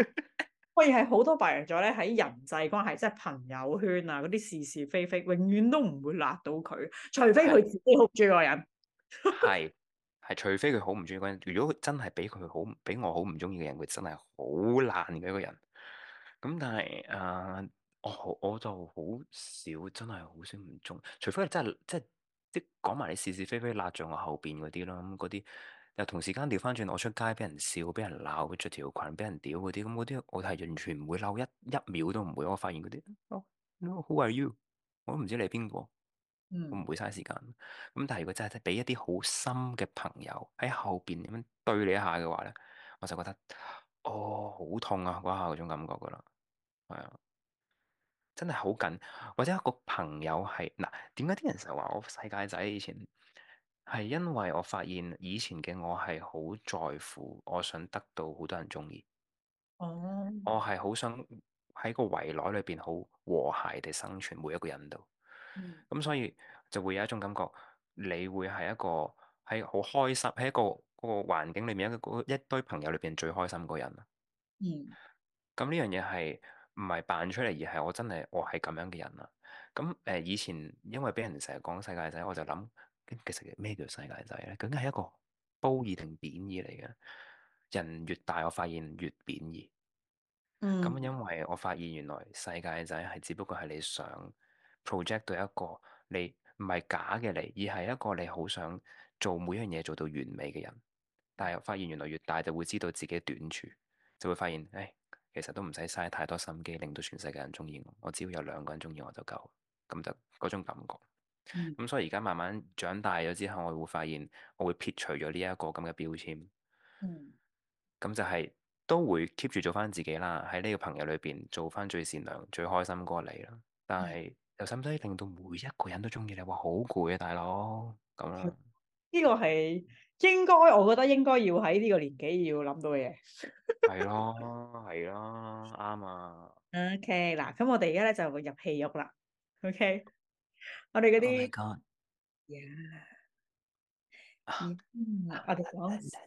覺。可以係好多白羊座咧喺人際關係，即係朋友圈啊，嗰啲是是非非，永遠都唔會辣到佢，除非佢自己好中意個人。係係，除非佢好唔中意個人。如果真係俾佢好，俾我好唔中意嘅人，佢真係好爛嘅一個人。咁但係誒、呃，我我就好少真係好少唔中，除非佢真係即係即講埋你是是非非，辣住我後邊嗰啲啦，咁嗰啲。又同時間調翻轉，我出街俾人笑，俾人鬧，佢著條裙俾人屌嗰啲，咁嗰啲我係完全唔會嬲一一秒都唔會。我發現嗰啲，who are you？我都唔知你係邊個，我唔會嘥時間。咁、嗯、但係如果真係俾一啲好深嘅朋友喺後邊咁樣對你一下嘅話咧，我就覺得，哦，好痛啊嗰下嗰種感覺噶啦，係啊，真係好緊。或者一個朋友係嗱，點解啲人成日話我世界仔以前？係因為我發現以前嘅我係好在乎，我想得到好多人中意哦。我係好想喺個圍內裏邊好和諧地生存，每一個人度嗯，咁，所以就會有一種感覺，你會係一個喺好開心喺一個嗰個環境裡面一個一堆朋友裏邊最開心嗰個人嗯。咁呢樣嘢係唔係扮出嚟，而係我真係我係咁樣嘅人啦。咁誒、呃，以前因為俾人成日講世界仔，我就諗。咁其實咩叫世界仔咧？究竟係一個褒義定貶義嚟嘅。人越大，我發現越貶義。嗯。咁因為我發現原來世界仔係只不過係你想 project 到一個你唔係假嘅你，而係一個你好想做每樣嘢做到完美嘅人。但係發現原來越大就會知道自己短處，就會發現誒、哎，其實都唔使嘥太多心機，令到全世界人中意我。我只要有兩個人中意我就夠，咁就嗰種感覺。咁、嗯、所以而家慢慢長大咗之後，我會發現我會撇除咗呢一個咁嘅標籤，嗯，咁就係、是、都會 keep 住做翻自己啦。喺呢個朋友裏邊做翻最善良、最開心嗰個你啦。但係、嗯、又使唔使令到每一個人都中意你？哇，好攰啊，大佬咁啦。呢個係應該，我覺得應該要喺呢個年紀要諗到嘅嘢。係 咯，係咯，啱啊。 OK，嗱，咁我哋而家咧就入戲屋啦。OK。我哋嗰啲，啊，我哋講戀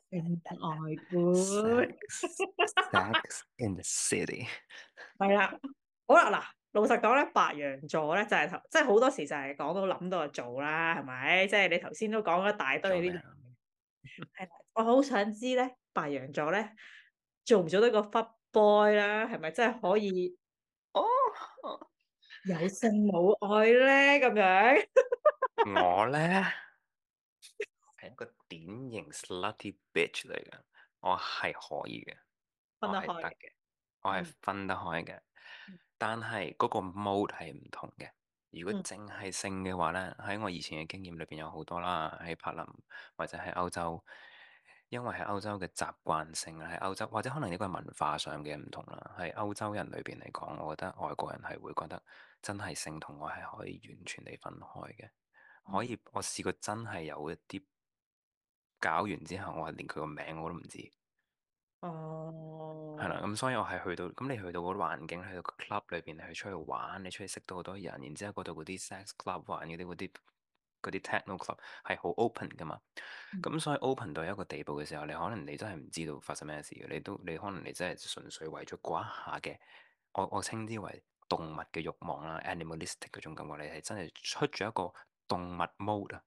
愛本，係啦，好啦，嗱，老實講咧，白羊座咧就係頭，即係好多時就係講到諗到就做啦，係咪？即係你頭先都講咗一大堆呢啲，係我好想知咧，白羊座咧做唔做得個 fuck boy 啦？係咪真係可以？哦。有性冇愛咧，咁 樣。我咧係一個典型 slutty bitch 嚟㗎，我係可以嘅，可以分得開嘅，我係分得開嘅，但係嗰個 mode 係唔同嘅。如果淨係性嘅話咧，喺我以前嘅經驗裏邊有好多啦，喺柏林或者喺歐洲，因為喺歐洲嘅習慣性，喺歐洲或者可能呢個文化上嘅唔同啦，喺歐洲人裏邊嚟講，我覺得外國人係會覺得。真係性同我係可以完全地分開嘅，可以我試過真係有一啲搞完之後，我係連佢個名我都唔知。哦、嗯。係啦，咁所以我係去到咁，你去到個環境，去到個 club 裏邊，你去出去玩，你出去識到好多人，然之後嗰度嗰啲 sex club 玩嗰啲嗰啲啲 techno club 係好 open 噶嘛。咁、嗯、所以 open 到一個地步嘅時候，你可能你真係唔知道發生咩事嘅，你都你可能你真係純粹為咗過一下嘅，我我稱之為，動物嘅欲望啦，animalistic 嗰種感覺，你係真係出咗一個動物 mode 啊，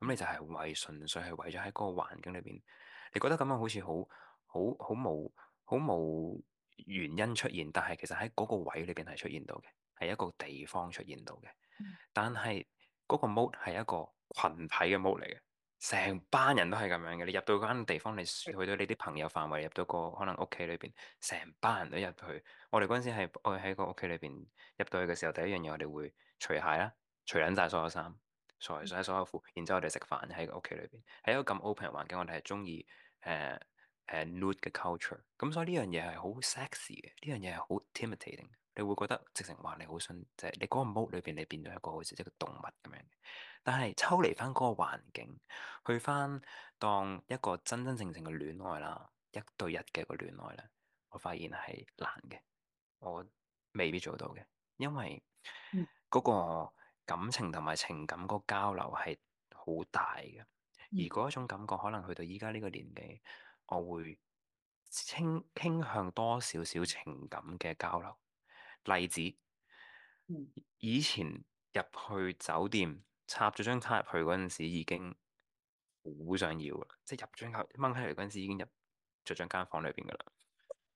咁你就係為純粹係為咗喺嗰個環境裏邊，你覺得咁樣好似好好好冇好冇原因出現，但係其實喺嗰個位裏邊係出現到嘅，係一個地方出現到嘅，嗯、但係嗰個 mode 係一個群體嘅 mode 嚟嘅。成班人都係咁樣嘅，你入到間地方，你去到你啲朋友範圍，入到個可能屋企裏邊，成班人都入去。我哋嗰陣時係我喺個屋企裏邊入到去嘅時候，第一樣嘢我哋會除鞋啦，除捻晒所有衫，除晒所有褲，然之後我哋食飯喺個屋企裏邊，喺一個咁 open 嘅環境，我哋係中意誒誒 nude 嘅 culture，咁所以呢樣嘢係好 sexy 嘅，呢樣嘢係好 timidating，你會覺得直情話你好想，即係你嗰個 mood 裏邊你變咗一個好似一個動物咁樣。但係抽離翻嗰個環境，去翻當一個真真正正嘅戀愛啦，一對一嘅個戀愛啦，我發現係難嘅，我未必做到嘅，因為嗰個感情同埋情感個交流係好大嘅，而嗰一種感覺可能去到依家呢個年紀，我會傾傾向多少少情感嘅交流。例子，以前入去酒店。插咗張卡入去嗰陣時已經好想要啦，即係入張卡掹起嚟嗰陣時已經入咗張間房裏邊噶啦。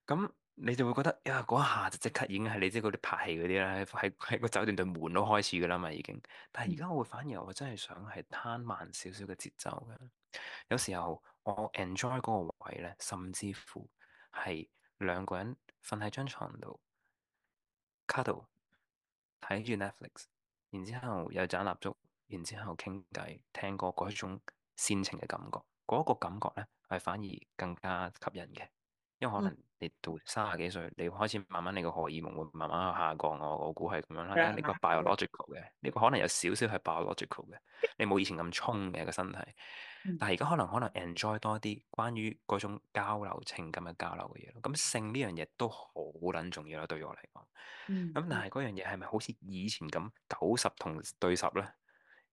咁你就會覺得呀嗰一下就即刻已經係你即嗰啲拍戲嗰啲啦，喺喺個酒店度門都開始噶啦嘛已經。但係而家我會反而我真係想係攤慢少少嘅節奏嘅。有時候我 enjoy 嗰個位咧，甚至乎係兩個人瞓喺張床度 cuddle 睇住 Netflix，然之後又盞蠟燭。然之後傾偈聽歌嗰一種煽情嘅感覺，嗰、嗰個感覺咧係反而更加吸引嘅，因為可能你到三十幾歲，你開始慢慢你個荷爾蒙會慢慢下降哦。我估係咁樣啦，呢、 啊、個 biological 嘅呢個可能有少少係 biological 嘅，你冇以前咁衝嘅個身體，但係而家可能可能 enjoy 多啲關於嗰種交流情感嘅交流嘅嘢咯。咁性呢樣嘢都好撚重要啦，對於我嚟講，咁 但係嗰樣嘢係咪好似以前咁九十同對十咧？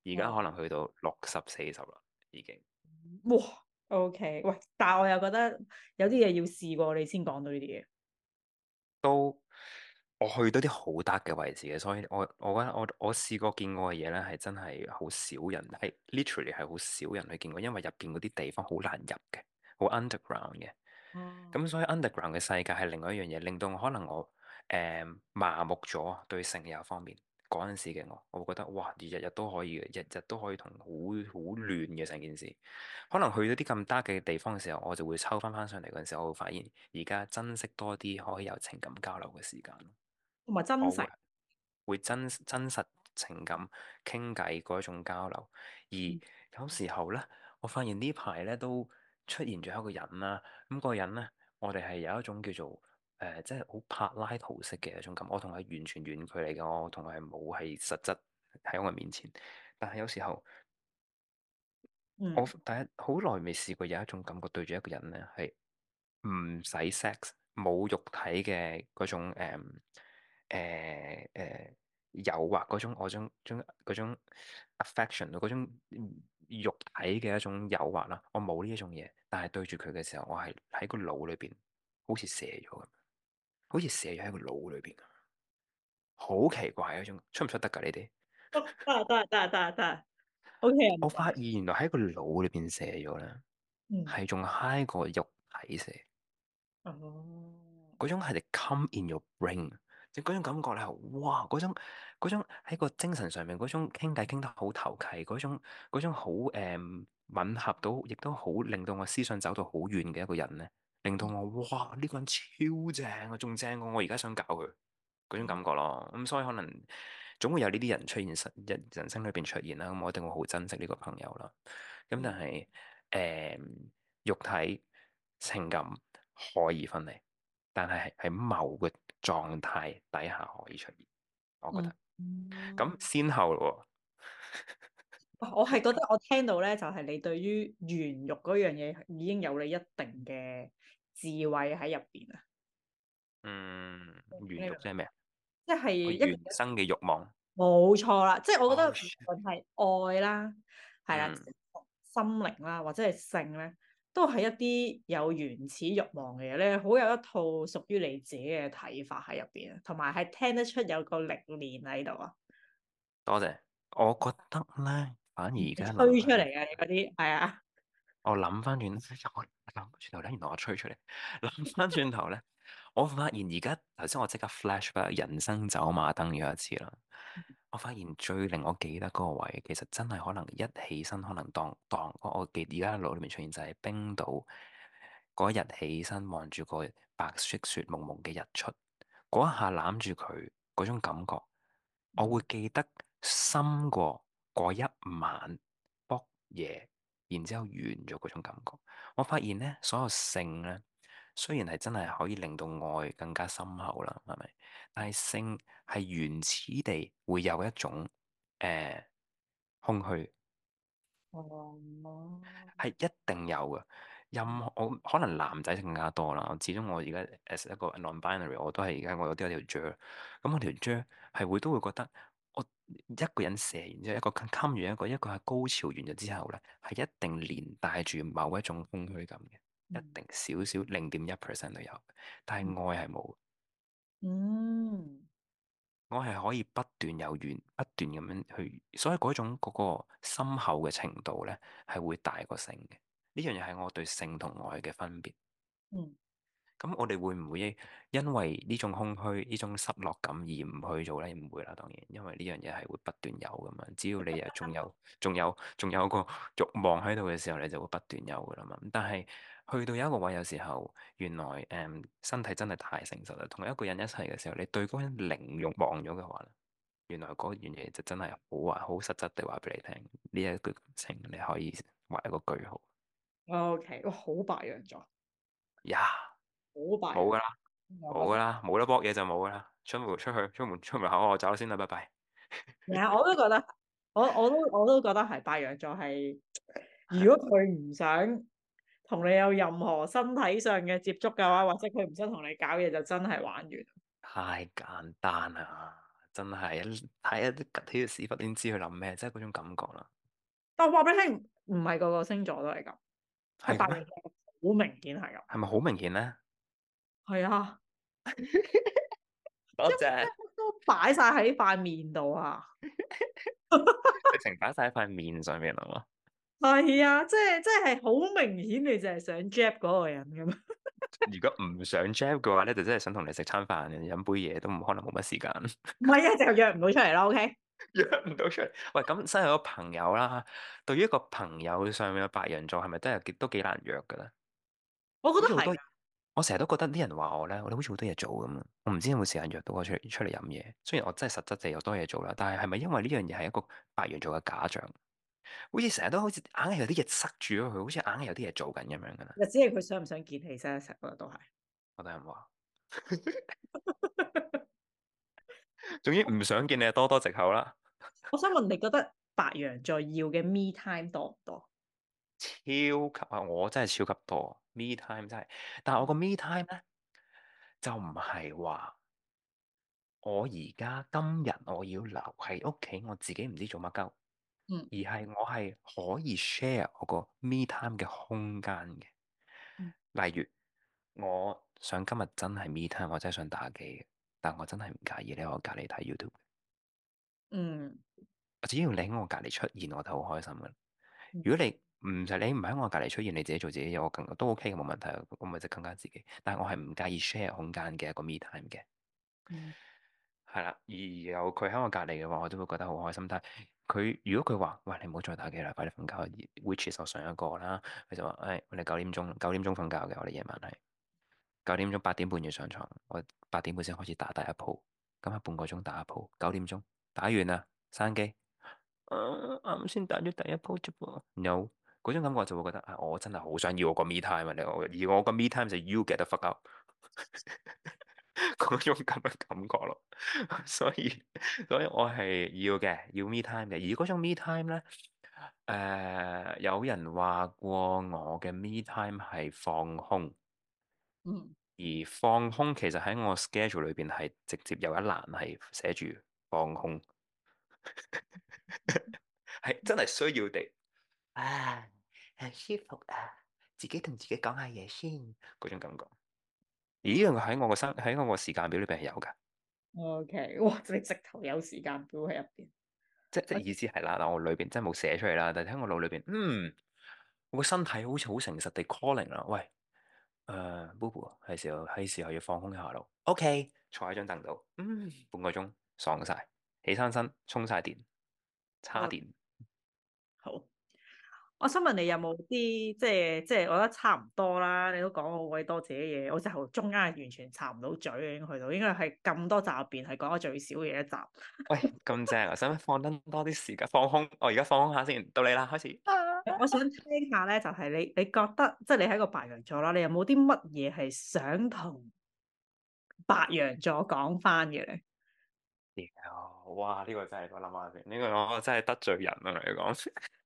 而家可能去到六十四十啦，已經。哇，OK，喂，但係我又覺得有啲嘢要試過，你先講到呢啲嘢。都，我去到啲好得嘅位置嘅，所以我我覺得我我試過見過嘅嘢咧，係真係好少人，係 literally 係好少人去見過，因為入邊嗰啲地方好難入嘅，好 underground 嘅。咁、嗯、所以 underground 嘅世界係另外一樣嘢，令到我可能我誒、呃、麻木咗對性有方面。嗰陣時嘅我，我會覺得哇，日日都可以嘅，日日都可以同好好亂嘅成件事。可能去到啲咁得嘅地方嘅時候，我就會抽翻翻上嚟嗰陣時候我會發現而家珍惜多啲可以有情感交流嘅時間，同埋真實，會,會真真實情感傾偈嗰一種交流。而有時候呢，我發現呢排呢都出現咗一個人啦，咁、那個人呢，我哋係有一種叫做～誒、呃，即係好柏拉圖式嘅一種感覺。我同佢完全遠距離嘅，我同佢係冇係實質喺我面前。但係有時候、嗯、我第一好耐未試過有一種感覺，對住一個人咧係唔使 sex 冇肉體嘅嗰種誒誒誒誘惑嗰種，我將嗰種，嗰種 affection 嗰種肉體嘅一種誘惑啦，我冇呢一種嘢。但係對住佢嘅時候，我係喺個腦裏邊好似射咗咁。好似寫咗喺個腦裏邊，好奇怪係一種出唔出得噶呢啲？得得得得得 OK。我發現原來喺個腦裏邊寫咗咧，係仲 high 過肉體寫。嗰種係嚟 come in your brain，即係嗰種感覺咧、就是，哇！嗰種嗰種喺個精神上面，嗰種傾偈傾得好投契，嗰種嗰種好誒、um, 吻合到，亦都好令到我思想走到好遠嘅一個人咧。令到我哇呢、這個人超正啊，仲正過我而家想搞佢嗰種感覺咯。咁、嗯、所以可能總會有呢啲人出現人人生裏邊出現啦。咁、嗯、我一定會好珍惜呢個朋友啦。咁、嗯、但係誒、呃、肉體情感可以分離，但係喺某個狀態底下可以出現。我覺得咁、嗯、先後喎。 我係覺得我聽到咧，就係、是、你對於原欲嗰樣嘢，已經有你一定嘅智慧喺入邊啊。嗯，原欲即係咩啊？即係原生嘅欲望。冇錯啦，即係我覺得無論係愛啦，係、oh, shit. 啦，心靈啦，或者係性咧，都係一啲有原始欲望嘅嘢咧，好有一套屬於你自己嘅睇法喺入邊啊。同埋係聽得出有個歷練喺度啊。多謝，我覺得咧。反而而家吹出嚟嘅嗰啲，係啊。 我諗翻轉，我諗翻轉頭咧，原來我吹出嚟。諗翻轉頭咧， 我發現而家頭先我即刻 flash 翻人生走馬燈咗一次啦。我發現最令我記得嗰個位，其實真係可能一起身可能當當。我我記而家腦裏面出現就係冰島嗰日起身望住個白雪雪濛濛嘅日出，嗰一下攬住佢嗰種感覺，我會記得深過。過一晚卜夜，然之後完咗嗰種感覺，我發現咧，所有性咧，雖然係真係可以令到愛更加深厚啦，係咪？但係性係原始地會有一種誒、呃、空虛，哦、嗯，係、嗯、一定有嘅。任何我可能男仔更加多啦。始終我始終我而家 as 一個 non-binary，我都係而家我有啲有條 j 咁、er，我條 j、er、係會都會覺得。一個人射完之後，一個禁完一個，一個係高潮完咗之後咧，係一定連帶住某一種空虛感嘅。嗯、一定少少零點一 percent 都有，但係愛係冇。嗯，我係可以不斷有緣，不斷咁樣去，所以嗰種嗰個深厚嘅程度咧，係會大過性嘅。呢樣嘢係我對性同愛嘅分別。嗯。咁我哋會唔會因為呢種空虛、呢種失落感而唔去做呢？唔會啦，當然，因為呢樣嘢係會不斷有噶嘛。只要你仲有、仲 有、仲有個慾望喺度嘅時候，你就會不斷有噶啦嘛。但係去到有一個位，有時候原來誒、嗯、身體真係太成熟啦。同一個人一齊嘅時候，你對嗰人零慾望咗嘅話，原來嗰樣嘢就真係好話好實質地話俾你聽。呢一個感情你可以畫一個句號。O K. 哇，好白羊座呀～、yeah. 冇嘅啦，冇嘅啦，冇得搏嘢就冇嘅啦。出門出去，出門出門口，我走先啦，拜拜。係 啊，我都覺得，我我都我都覺得係白羊座係。如果佢唔想同你有任何身體上嘅接觸嘅話，或者佢唔想同你搞嘢，就真係玩完。太簡單啦，真係睇一睇條屎忽，已經知佢諗咩，即係嗰種感覺啦。但我話俾你聽，唔係個個星座都係咁，係嗎白羊座好明顯係咁。係咪好明顯咧？係是啊， 多隻謝都擺晒喺塊面度啊！直情擺晒喺塊面上面咯，係啊，即係即係好明顯，你就係想 jap 嗰個人咁。 如果唔想 jap 嘅話咧，就真係想同你食餐飯、飲杯嘢，都唔可能冇乜時間。唔 係啊，就約唔到出嚟啦。OK， 約唔到出嚟。喂，咁身有個朋友啦， 對於一個朋友上面嘅白羊座，係咪真係都幾難約嘅咧？我覺得係。 我成日都覺得啲人話我咧，我哋好似好多嘢做咁。我唔知有冇時間約到我出出嚟飲嘢。雖然我真係實質地有多嘢做啦，但係係咪因為呢樣嘢係一個白羊座嘅假象？好似成日都好似硬係有啲嘢塞住咗佢，好似硬係有啲嘢做緊咁樣㗎啦。只係佢想唔想見，起身嘅時候都係，我都係話，總之唔想見你，多多藉口啦。 我想問你覺得白羊座要嘅 me time 多唔多？超級啊！我真係超級多，me time 真係。但係我個 me time 咧，就唔係話我而家今日我要留喺屋企，我自己唔知做乜鳩。而係我係可以 share 我個 me time 嘅空間嘅。例如，我想今日真係 me time，我真係想打機嘅，但我真係唔介意你喺我，我隔籬睇 YouTube。嗯。只要你喺我隔籬出現，我就好開心噶啦。如果你唔使你唔喺我隔籬出現，你自己做自己嘢，我更都 OK 嘅，冇問題。咁咪就更加自己。但係我係唔介意 share 空間嘅一個 me time 嘅，係啦、嗯。而有佢喺我隔籬嘅話，我都會覺得好開心。但係佢如果佢話，喂，你唔好再打機啦，快啲瞓覺。Which is 我上一個啦，佢就話，誒我哋九點鐘九點鐘瞓覺嘅，我哋夜晚係九點鐘八點半要上床，我八點半先開始打第一鋪，今晚半個鐘打一鋪，九點鐘打完啦，閂機。啊啱先打咗第一鋪啫噃。No。嗰種感覺就會覺得啊，我真係好想要我個 me time 嚟，我而我個 me time 就 you get the fuck up 嗰 種咁嘅感覺咯。 所以，所以我係要嘅，要 me time 嘅。而嗰種 me time 咧，誒、呃、有人話過我嘅 me time 係放空，嗯、而放空其實喺我 schedule 裏邊係直接有一欄係寫住放空，係 真係需要嘅。啊，好舒服啊！自己同自己講下嘢先，嗰種感覺。咦，樣喺我個生喺我個時間表裏邊係有噶。OK，哇！你直頭有時間表喺入邊，即即意思係啦。但係我裏邊真係冇寫出嚟啦。但係聽我腦裏邊，嗯，我個身體好似好誠實地 calling 啦。喂，誒，Bu Bu，係時候係時候要放空一下腦。O K，坐喺張凳度，嗯，半個鐘，爽晒，起翻身，充晒電，叉電。Okay. 我想問你有冇啲即係即係，我覺得差唔多啦。你都講好鬼多自己嘢，我真係中間係完全插唔到嘴，已經去到應該係咁多集入邊係講得最少嘅一集。喂，咁正啊！使唔使 放得多啲時間放空？我而家放空下先，到你啦，開始。 我想聽一下咧，就係你你覺得，即係你喺個白羊座啦，你有冇啲乜嘢係想同白羊座講翻嘅咧？哦，哇！呢個真係我諗下先，呢個我真係得罪人啊嚟講。你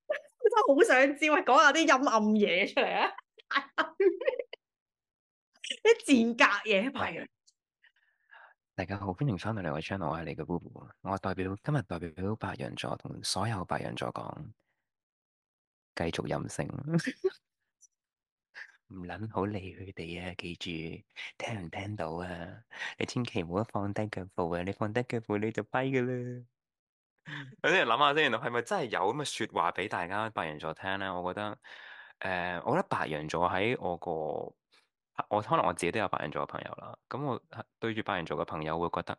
真好想知，喂，講下啲陰暗嘢出嚟啊！啲賤格嘢，係。大家好，歡迎翻到嚟《兩個 channel》，我係你嘅 BuBu，我代表今日代表白羊座同所有白羊座講，繼續任性，唔諗 好理佢哋啊！記住，聽唔聽到啊？你千祈唔好放低腳步啊！你放低腳步你就跛㗎啦。有啲人諗下先，原來係咪真係有咁嘅說話俾大家白羊座聽咧？我覺得，誒、呃，我覺得白羊座喺我個，我可能我自己都有白羊座嘅朋友啦。咁我對住白羊座嘅朋友會覺得，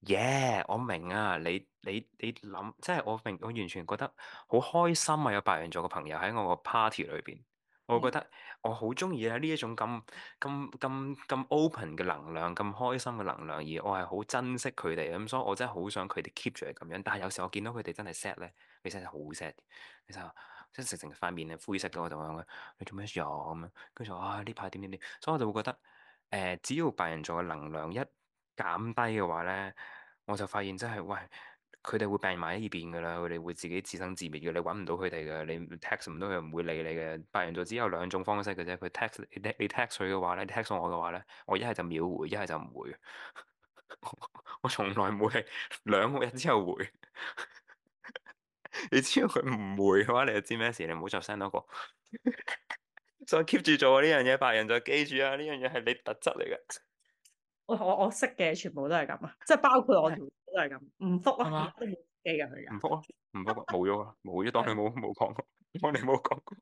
耶、yeah，我明啊，你你你諗，即係我明，我完全覺得好開心啊！有白羊座嘅朋友喺我個 party 裏邊。我覺得我好中意咧呢一種咁咁咁咁 open 嘅能量，咁開心嘅能量，而我係好珍惜佢哋咁，所以我真係好想佢哋 keep 住係咁樣。但係有時我見到佢哋真係 sad 咧，你 sad 好 sad，其實真係食成塊面係灰色嘅，我就會講你做咩咗咁樣？跟住啊呢排點點點，所以我就會覺得誒、呃，只要白羊座嘅能量一減低嘅話咧，我就發現真係喂。佢哋會病埋喺呢邊噶啦，佢哋會自己自生自滅嘅，你搵唔到佢哋嘅，你 tax 唔到佢，唔會理你嘅。白羊座只有兩種方式嘅啫，佢 tax 你 tax 佢嘅話咧，tax 你我嘅話咧，我一係就秒回，一係就唔回。 我從來冇係兩個日之後回。 你只要佢唔回嘅話，你就知咩事，你唔好再 send 多個，再 keep 住做呢樣嘢，白羊就記住啊，呢樣嘢係你特質嚟嘅。我我識嘅全部都係咁啊，即係包括我條都係咁，唔覆啊，嗎都冇機噶佢啊，唔覆啊，唔覆啊，冇咗啊，冇咗，當你冇冇講過，當你冇講過，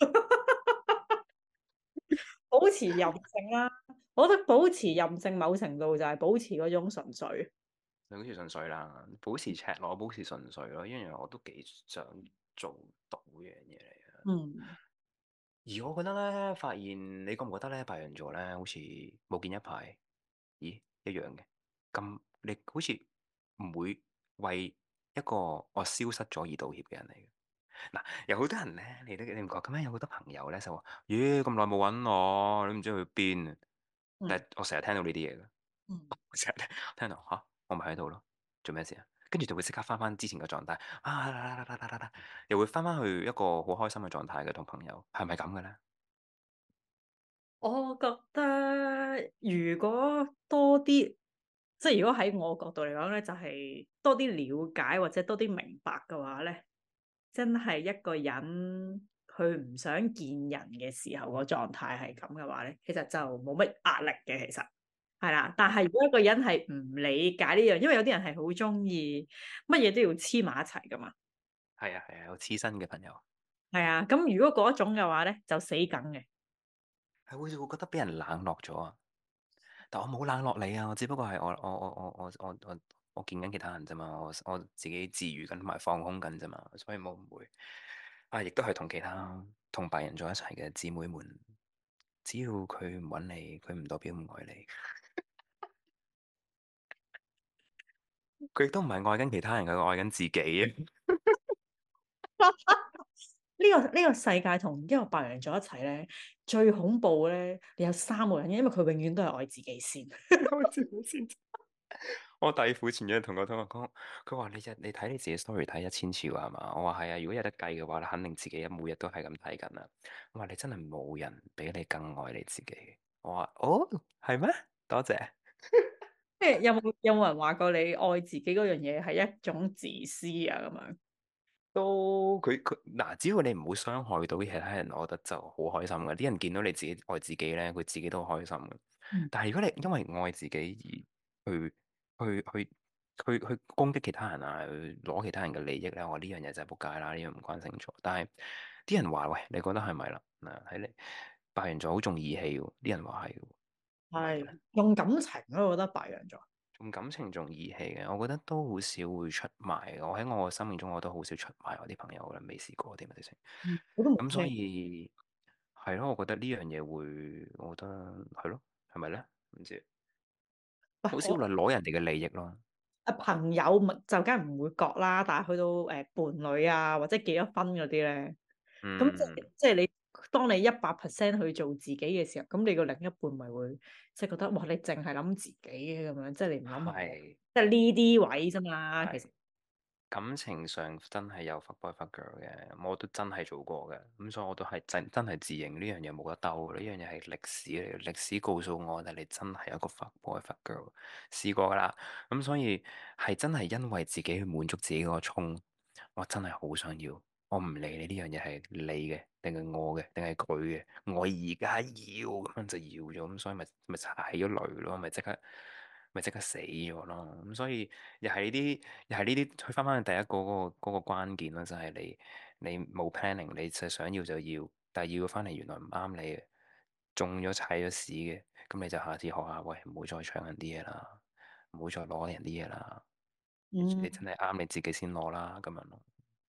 保持任性啦、啊，我覺得保持任性某程度就係保持嗰種純粹，保持純粹啦，保持赤裸，保持純粹咯，因為我都幾想做到呢樣嘢嚟嘅。嗯。而我覺得咧，發現你覺唔覺得咧，白羊座咧，好似冇見一排。咦，一樣嘅，咁你好似唔會為一個我消失咗而道歉嘅人嚟嘅。嗱，有好多人咧，你都你唔覺，咁樣有好多朋友咧，就話：咦、欸，咁耐冇揾我，你唔知去邊啊？但係我成日聽到呢啲嘢嘅，成日、嗯、聽到嚇、啊，我咪喺度咯，做咩事啊？跟住就會即刻翻翻之前嘅狀態，啊，又會翻翻去一個好開心嘅狀態嘅同朋友，係咪咁嘅咧？我覺得。如果多啲，即係如果喺我角度嚟講咧，就係多啲了解或者多啲明白嘅話咧，真係一個人佢唔想見人嘅時候個狀態係咁嘅話咧，其實就冇咩壓力嘅。其實係啦，但係如果一個人係唔理解呢樣，因為有啲人係好中意乜嘢都要黐埋一齊噶嘛。係啊係啊，有黐身嘅朋友。係啊，咁如果嗰種嘅話咧，就死梗嘅。係會會覺得俾人冷落咗啊？但我冇冷落你啊，我只不過係我我我我我我我我見緊其他人啫嘛，我我自己自愈緊同埋放空緊啫嘛，所以冇唔會啊，亦都係同其他同白羊在一齊嘅姊妹們，只要佢唔揾你，佢唔代表唔愛你，佢亦都唔係愛緊其他人，佢愛緊自己啊。 呢個呢個世界同一個白羊座一齊咧，最恐怖咧你有三個人，因為佢永遠都係愛自己先，愛自己先。我弟婦前日同同我講，佢話：你日你睇你自己 story 睇一千次係嘛？我話：係啊，如果有得計嘅話，你肯定自己每日都係咁睇緊啦。我話：你真係冇人比你更愛你自己。我話：哦，係咩？多謝。即 係 有冇有冇人話過你愛自己嗰樣嘢係一種自私啊？咁樣。都佢佢嗱，只要你唔好傷害到其他人，我覺得就好開心嘅。啲人見到你自己愛自己咧，佢自己都開心嘅。但係如果你因為愛自己而去去去去去去攻擊其他人啊，去攞其他人嘅利益咧，我呢樣嘢就係仆街啦，呢樣唔關星座。但係啲人話喂，你覺得係咪啦？嗱，喺你白羊座好重義氣嘅，啲人話係嘅，係用感情咯，我覺得白羊座。感情仲義氣嘅，我覺得都好少會出賣。我喺我嘅生命中，我都好少出賣我啲朋友嘅，未試過啲乜嘢先。咁、嗯、所以係咯，我覺得呢樣嘢會，我覺得係咯，係咪咧？唔知好哇少嚟攞人哋嘅利益咯。啊，朋友就梗係唔會割啦，但係去到誒、呃、伴侶啊，或者結咗婚嗰啲咧，咁、嗯、即即係你。當你一百 percent 去做自己嘅時候，咁你個另一半咪會即係覺得，哇！你淨係諗自己嘅咁樣，即係你唔諗，是即係呢啲位啫嘛。是其實感情上真係有 fuck boy fuck girl 嘅，我都真係做過嘅，咁所以我都係真真係自認呢樣嘢冇得鬥，呢樣嘢係歷史嚟嘅。歷史告訴我哋，但你真係一個 fuck boy fuck girl，試過噶啦。咁所以係真係因為自己去滿足自己個衝，我真係好想要。我唔理你呢樣嘢係你嘅，定係我嘅，定係佢嘅。我而家要咁樣就要咗，咁所以咪咪踩咗雷咯，咪即刻咪即刻死咗咯。咁所以又係呢啲，又係呢啲，去翻翻去第一個嗰個嗰個關鍵咯，就係、是、你你冇 planning，你就想要就要，但係要翻嚟，原來唔啱你，中咗踩咗屎嘅。咁你就下次學下，喂，唔好再搶人啲嘢啦，唔好再攞人啲嘢啦。你、嗯、真係啱你自己先攞啦，咁樣咯。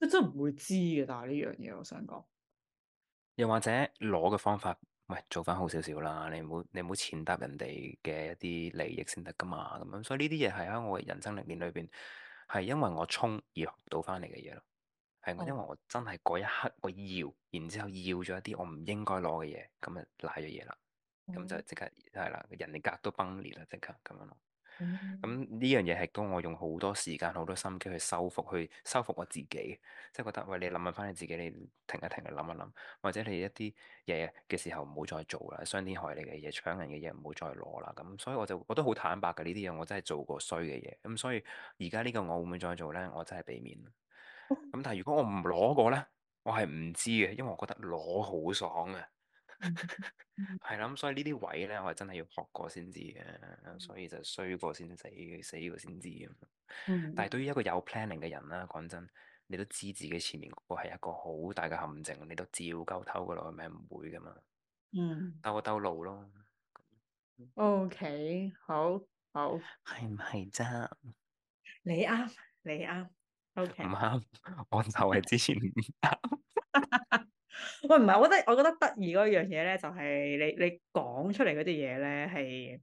真係唔會知嘅，但係呢樣嘢，我想講，又或者攞嘅方法，唔係做翻好少少啦。你唔好你唔好踐踏人哋嘅一啲利益先得噶嘛。咁樣，所以呢啲嘢係喺我人生歷練裏邊，係因為我衝而學到翻嚟嘅嘢咯。係我因為我真係嗰一刻我要，然之後要咗一啲我唔應該攞嘅嘢，咁啊賴咗嘢啦，咁、嗯、就即刻係啦，人哋格都崩裂啦，即刻咁樣咯。咁呢、嗯嗯、樣嘢係當我用好多時間、好多心機去修復、去修復我自己，即、就、係、是、覺得喂，你諗一翻，你自己，你停一停，你諗一諗，或者你一啲嘢嘅時候唔好再做啦，傷天害理嘅嘢、搶人嘅嘢唔好再攞啦。咁所以我就覺得好坦白嘅呢啲嘢，我真係做過衰嘅嘢。咁所以而家呢個我會唔會再做咧？我真係避免。咁但係如果我唔攞過咧，我係唔知嘅，因為我覺得攞好爽嘅。係啦， 所以呢啲位咧，我係真係要學過先知嘅，所以就衰過先死，死過先知咁。嗯、但係對於一個有 planning 嘅人啦，講真，你都知自己前面嗰個係一個好大嘅陷阱，你都照鳩偷嘅，咪唔會噶嘛。嗯，兜個兜路咯。OK，好，好，係唔係啫？你啱，你啱。O K。唔啱，我就係之前唔啱。 喂，唔係，我覺得我覺得得意嗰樣嘢咧，就係你你講出嚟嗰啲嘢咧，係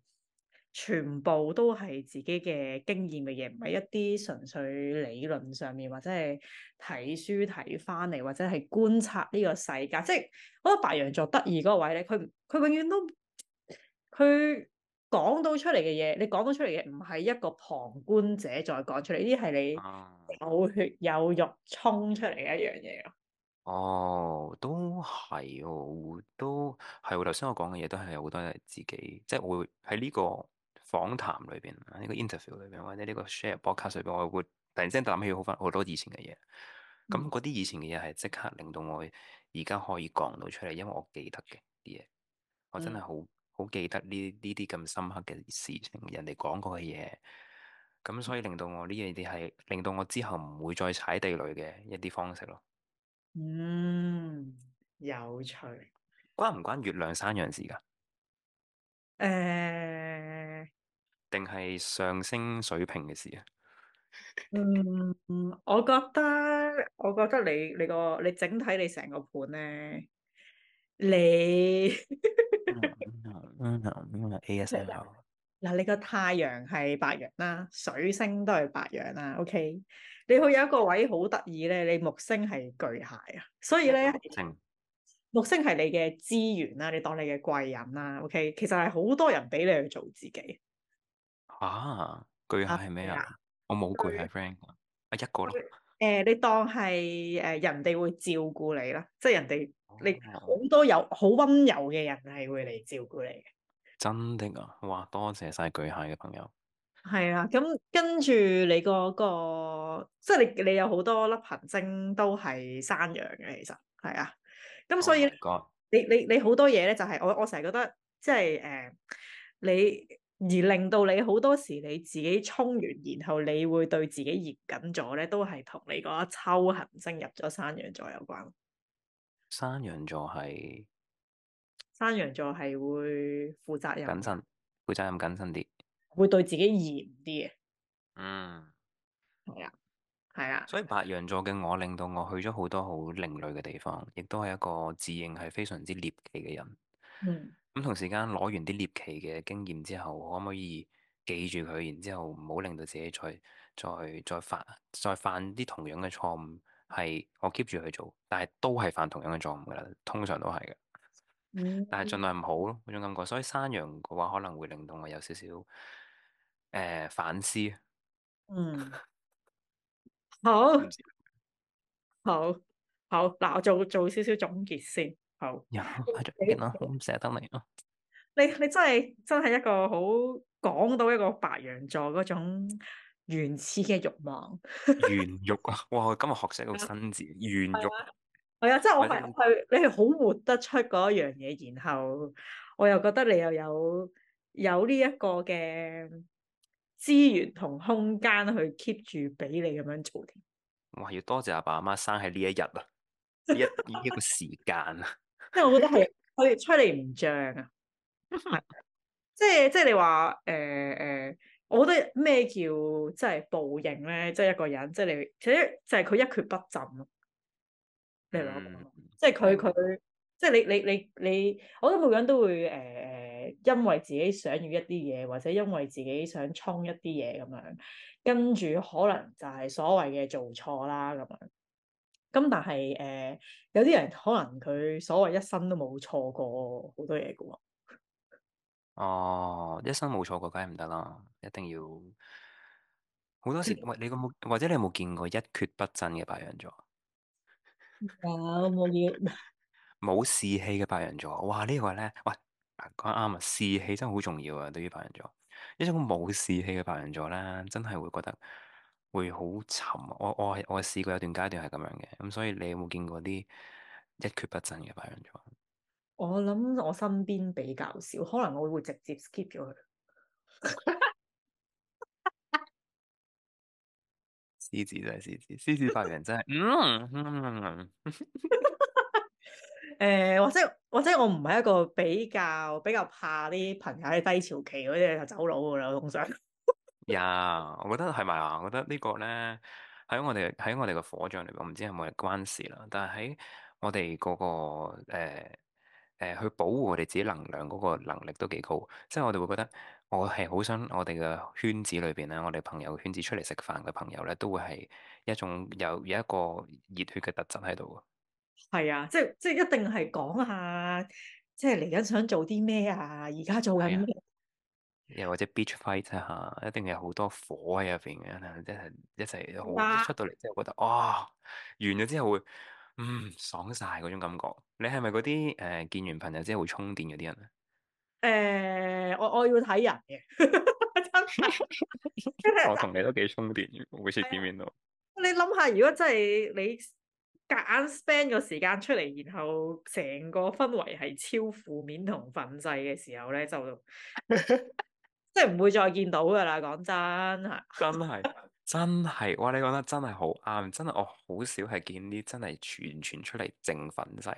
全部都係自己嘅經驗嘅嘢，唔係一啲純粹理論上面或者係睇書睇返嚟，或者係觀察呢個世界。即係我覺得白羊座得意嗰個位咧，佢佢永遠都佢講到出嚟嘅嘢，你講到出嚟嘅唔係一個旁觀者再講出嚟，呢啲係你有血有肉衝出嚟嘅一樣嘢。哦，都係喎，哦，都係，哦，我頭先我講嘅嘢都係好多係自己，即係會喺呢個訪談裏邊，呢個 interview 裏邊，或者呢個 share podcast 裏邊，我會突然之間諗起好翻好多以前嘅嘢。咁嗰啲以前嘅嘢係即刻令到我而家可以講到出嚟，因為我記得嘅啲嘢，我真係好好記得呢呢啲咁深刻嘅事情，人哋講過嘅嘢。咁所以令到我呢樣嘢係令到我之後唔會再踩地雷嘅一啲方式咯。嗯，有趣。關唔關月亮山羊事噶？誒，定係上升水瓶嘅事啊？嗯，我覺得，我覺得你你個你整體你成個盤咧，你 a S uh, uh, uh, uh, uh, uh, L。嗱，你個太陽係白羊啦，水星都係白羊啦，O K。Okay? 你去有一個位好得意咧，你木星係巨蟹啊，所以咧正木星係你嘅資源啦，你當你嘅貴人啦，OK，其實係好多人俾你去做自己。啊，巨蟹係咩啊？我冇巨蟹 friend 以啊，一個咯。誒、呃，你當係誒人哋會照顧你啦，即係人哋你好多有好溫柔嘅人係會嚟照顧你嘅。真的啊，哇！多謝晒巨蟹嘅朋友。係啊，咁跟住你個、嗰個，即係你你有好多粒行星都係山羊嘅，其實係啊，咁所以你、oh、你你好多嘢咧、就是，就係我我成日覺得、就是，即係誒，你而令到你好多時你自己衝完，然後你會對自己嚴謹咗咧，都係同你嗰個抽行星入咗山羊座有關。山羊座係，山羊座係會負責任、謹慎、負責任身、謹慎啲。會對自己嚴啲，嗯，係啊，係啊，所以白羊座嘅我令到我去咗好多好另類嘅地方，亦都係一個自認係非常之獵奇嘅人，咁、嗯、同時間攞完啲獵奇嘅經驗之後，可唔可以記住佢，然之後唔好令到自己再再再，再犯，再犯啲同樣嘅錯誤，係我 keep 住去做，但係都係犯同樣嘅錯誤噶啦，通常都係嘅，嗯、但係盡量唔好咯，嗰種感覺，所以山羊嘅話可能會令到我有少少。誒，反思，嗯，好好好，嗱，我做做少少總結先，好，又再總結啦，我唔捨得你咯。你你真係真係一個好講到一個白羊座嗰種原始嘅慾望， 原慾啊！哇，我今日學識一個新字， 原慾。係啊，即係我係係 你係好活得出嗰一樣嘢，然後我又覺得你又有有呢一個嘅。資源同空間去 keep 住俾你咁樣做添，哇！要多謝阿爸阿媽生喺呢一日啊， 一呢一、這個時間啊，即係 我覺得係可以吹你唔脹啊，即係即係你話誒誒，我覺得咩叫即係、呃呃、報應咧？即係一個人，即係你，其實就係、是、佢一蹶不振咯。你諗諗、嗯，即係佢佢，即係你你你你，我覺得每人都會誒誒。呃因為自己想要一啲嘢，或者因為自己想衝一啲嘢咁樣，跟住可能就係所謂嘅做錯啦咁樣。咁但係誒、呃，有啲人可能佢所謂一生都冇錯過好多嘢噶喎。哦，一生冇錯過梗係唔得啦，一定要。好多時喂，你有冇或者你有冇見過一蹶不振嘅白羊座？ 有冇要？冇士氣嘅白羊座，哇！這個、呢個咧，喂。講啱啊，士氣真係好重要啊！對於白羊座，一種冇士氣嘅白羊座咧，真係會覺得會好沉。我我係我試過有一段階段係咁樣嘅，咁所以你有冇見過啲一,一蹶不振嘅白羊座？我諗我身邊比較少，可能我會直接 skip 咗佢。獅子就係獅子，獅子白羊真係， 誒，或者或者我唔係一個比較比較怕啲朋友喺低潮期嗰啲就走佬噶啦，我通常，呀 Yeah, 我覺得係咪啊？我覺得呢個咧喺我哋喺我哋個火象嚟講，唔知有冇係關事啦。但係喺我哋嗰、嗰個誒、呃呃、去保護我哋自己能量嗰個能力都幾高，即係我哋會覺得我係好想我哋嘅圈子裏邊咧，我哋朋友圈子出嚟食飯嘅朋友咧，都會係一種有有一個熱血嘅特質喺度係啊，即係即係一定係講下，即係嚟緊想做啲咩啊？而家做緊咩啊？又或者 beach fight 啊吓，一定有好多火喺入邊嘅，即係一齊好出到嚟之後，覺得哇完咗之後會嗯爽晒嗰種感覺。你係咪嗰啲誒見完朋友之後會充電嗰啲人啊？誒，我我要睇人嘅，真係。我同你都幾充電，每次見面都。你諗下，如果真係你？夾硬 spend 個時間出嚟，然後成個氛圍係超負面同粉細嘅時候咧，就即係唔會再見到噶啦。講真係， 真係真係，哇！你講得真係好啱，真係我好少係見啲真係全全出嚟正粉細。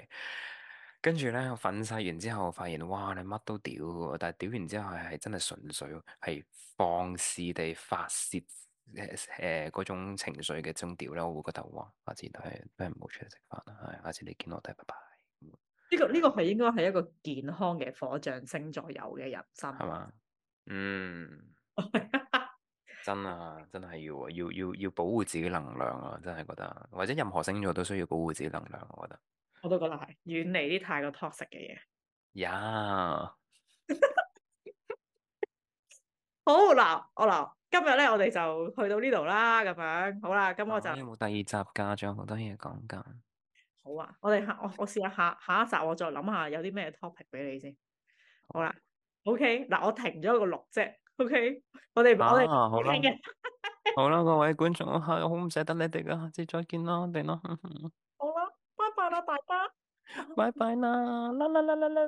跟住咧，粉細完之後，發現哇，你乜都屌嘅，但係屌完之後係真係純粹，係放肆地發洩。誒嗰、呃、種情緒嘅種調咧，我會覺得話，下次都係都係唔好出去食飯啦。係，下次你見我都係拜拜。呢個呢個係應該係一個健康嘅火象星座有嘅人生，係嘛？嗯，oh、真啊，真係要啊，要要要保護自己能量啊！真係覺得，或者任何星座都需要保護自己能量。我覺得，我都覺得係遠離啲太過 toxic 嘅嘢。呀 Yeah. 好鬧我鬧。今日咧，我哋就去到呢度啦，咁樣好啦。咁我就、啊、你有冇第二集噶？仲有好多嘢講噶。好啊，我哋我我試下下下一集，我再諗下有啲咩 topic 俾你先。好啦、嗯、，OK 嗱，我停咗個錄啫。OK，我哋我哋、啊、好聽 好啦，各位觀眾，我好唔捨得你哋啊，下次再見啦，我哋咯。 好啦，拜拜啦，大家 拜拜啦，啦啦啦啦啦，啦。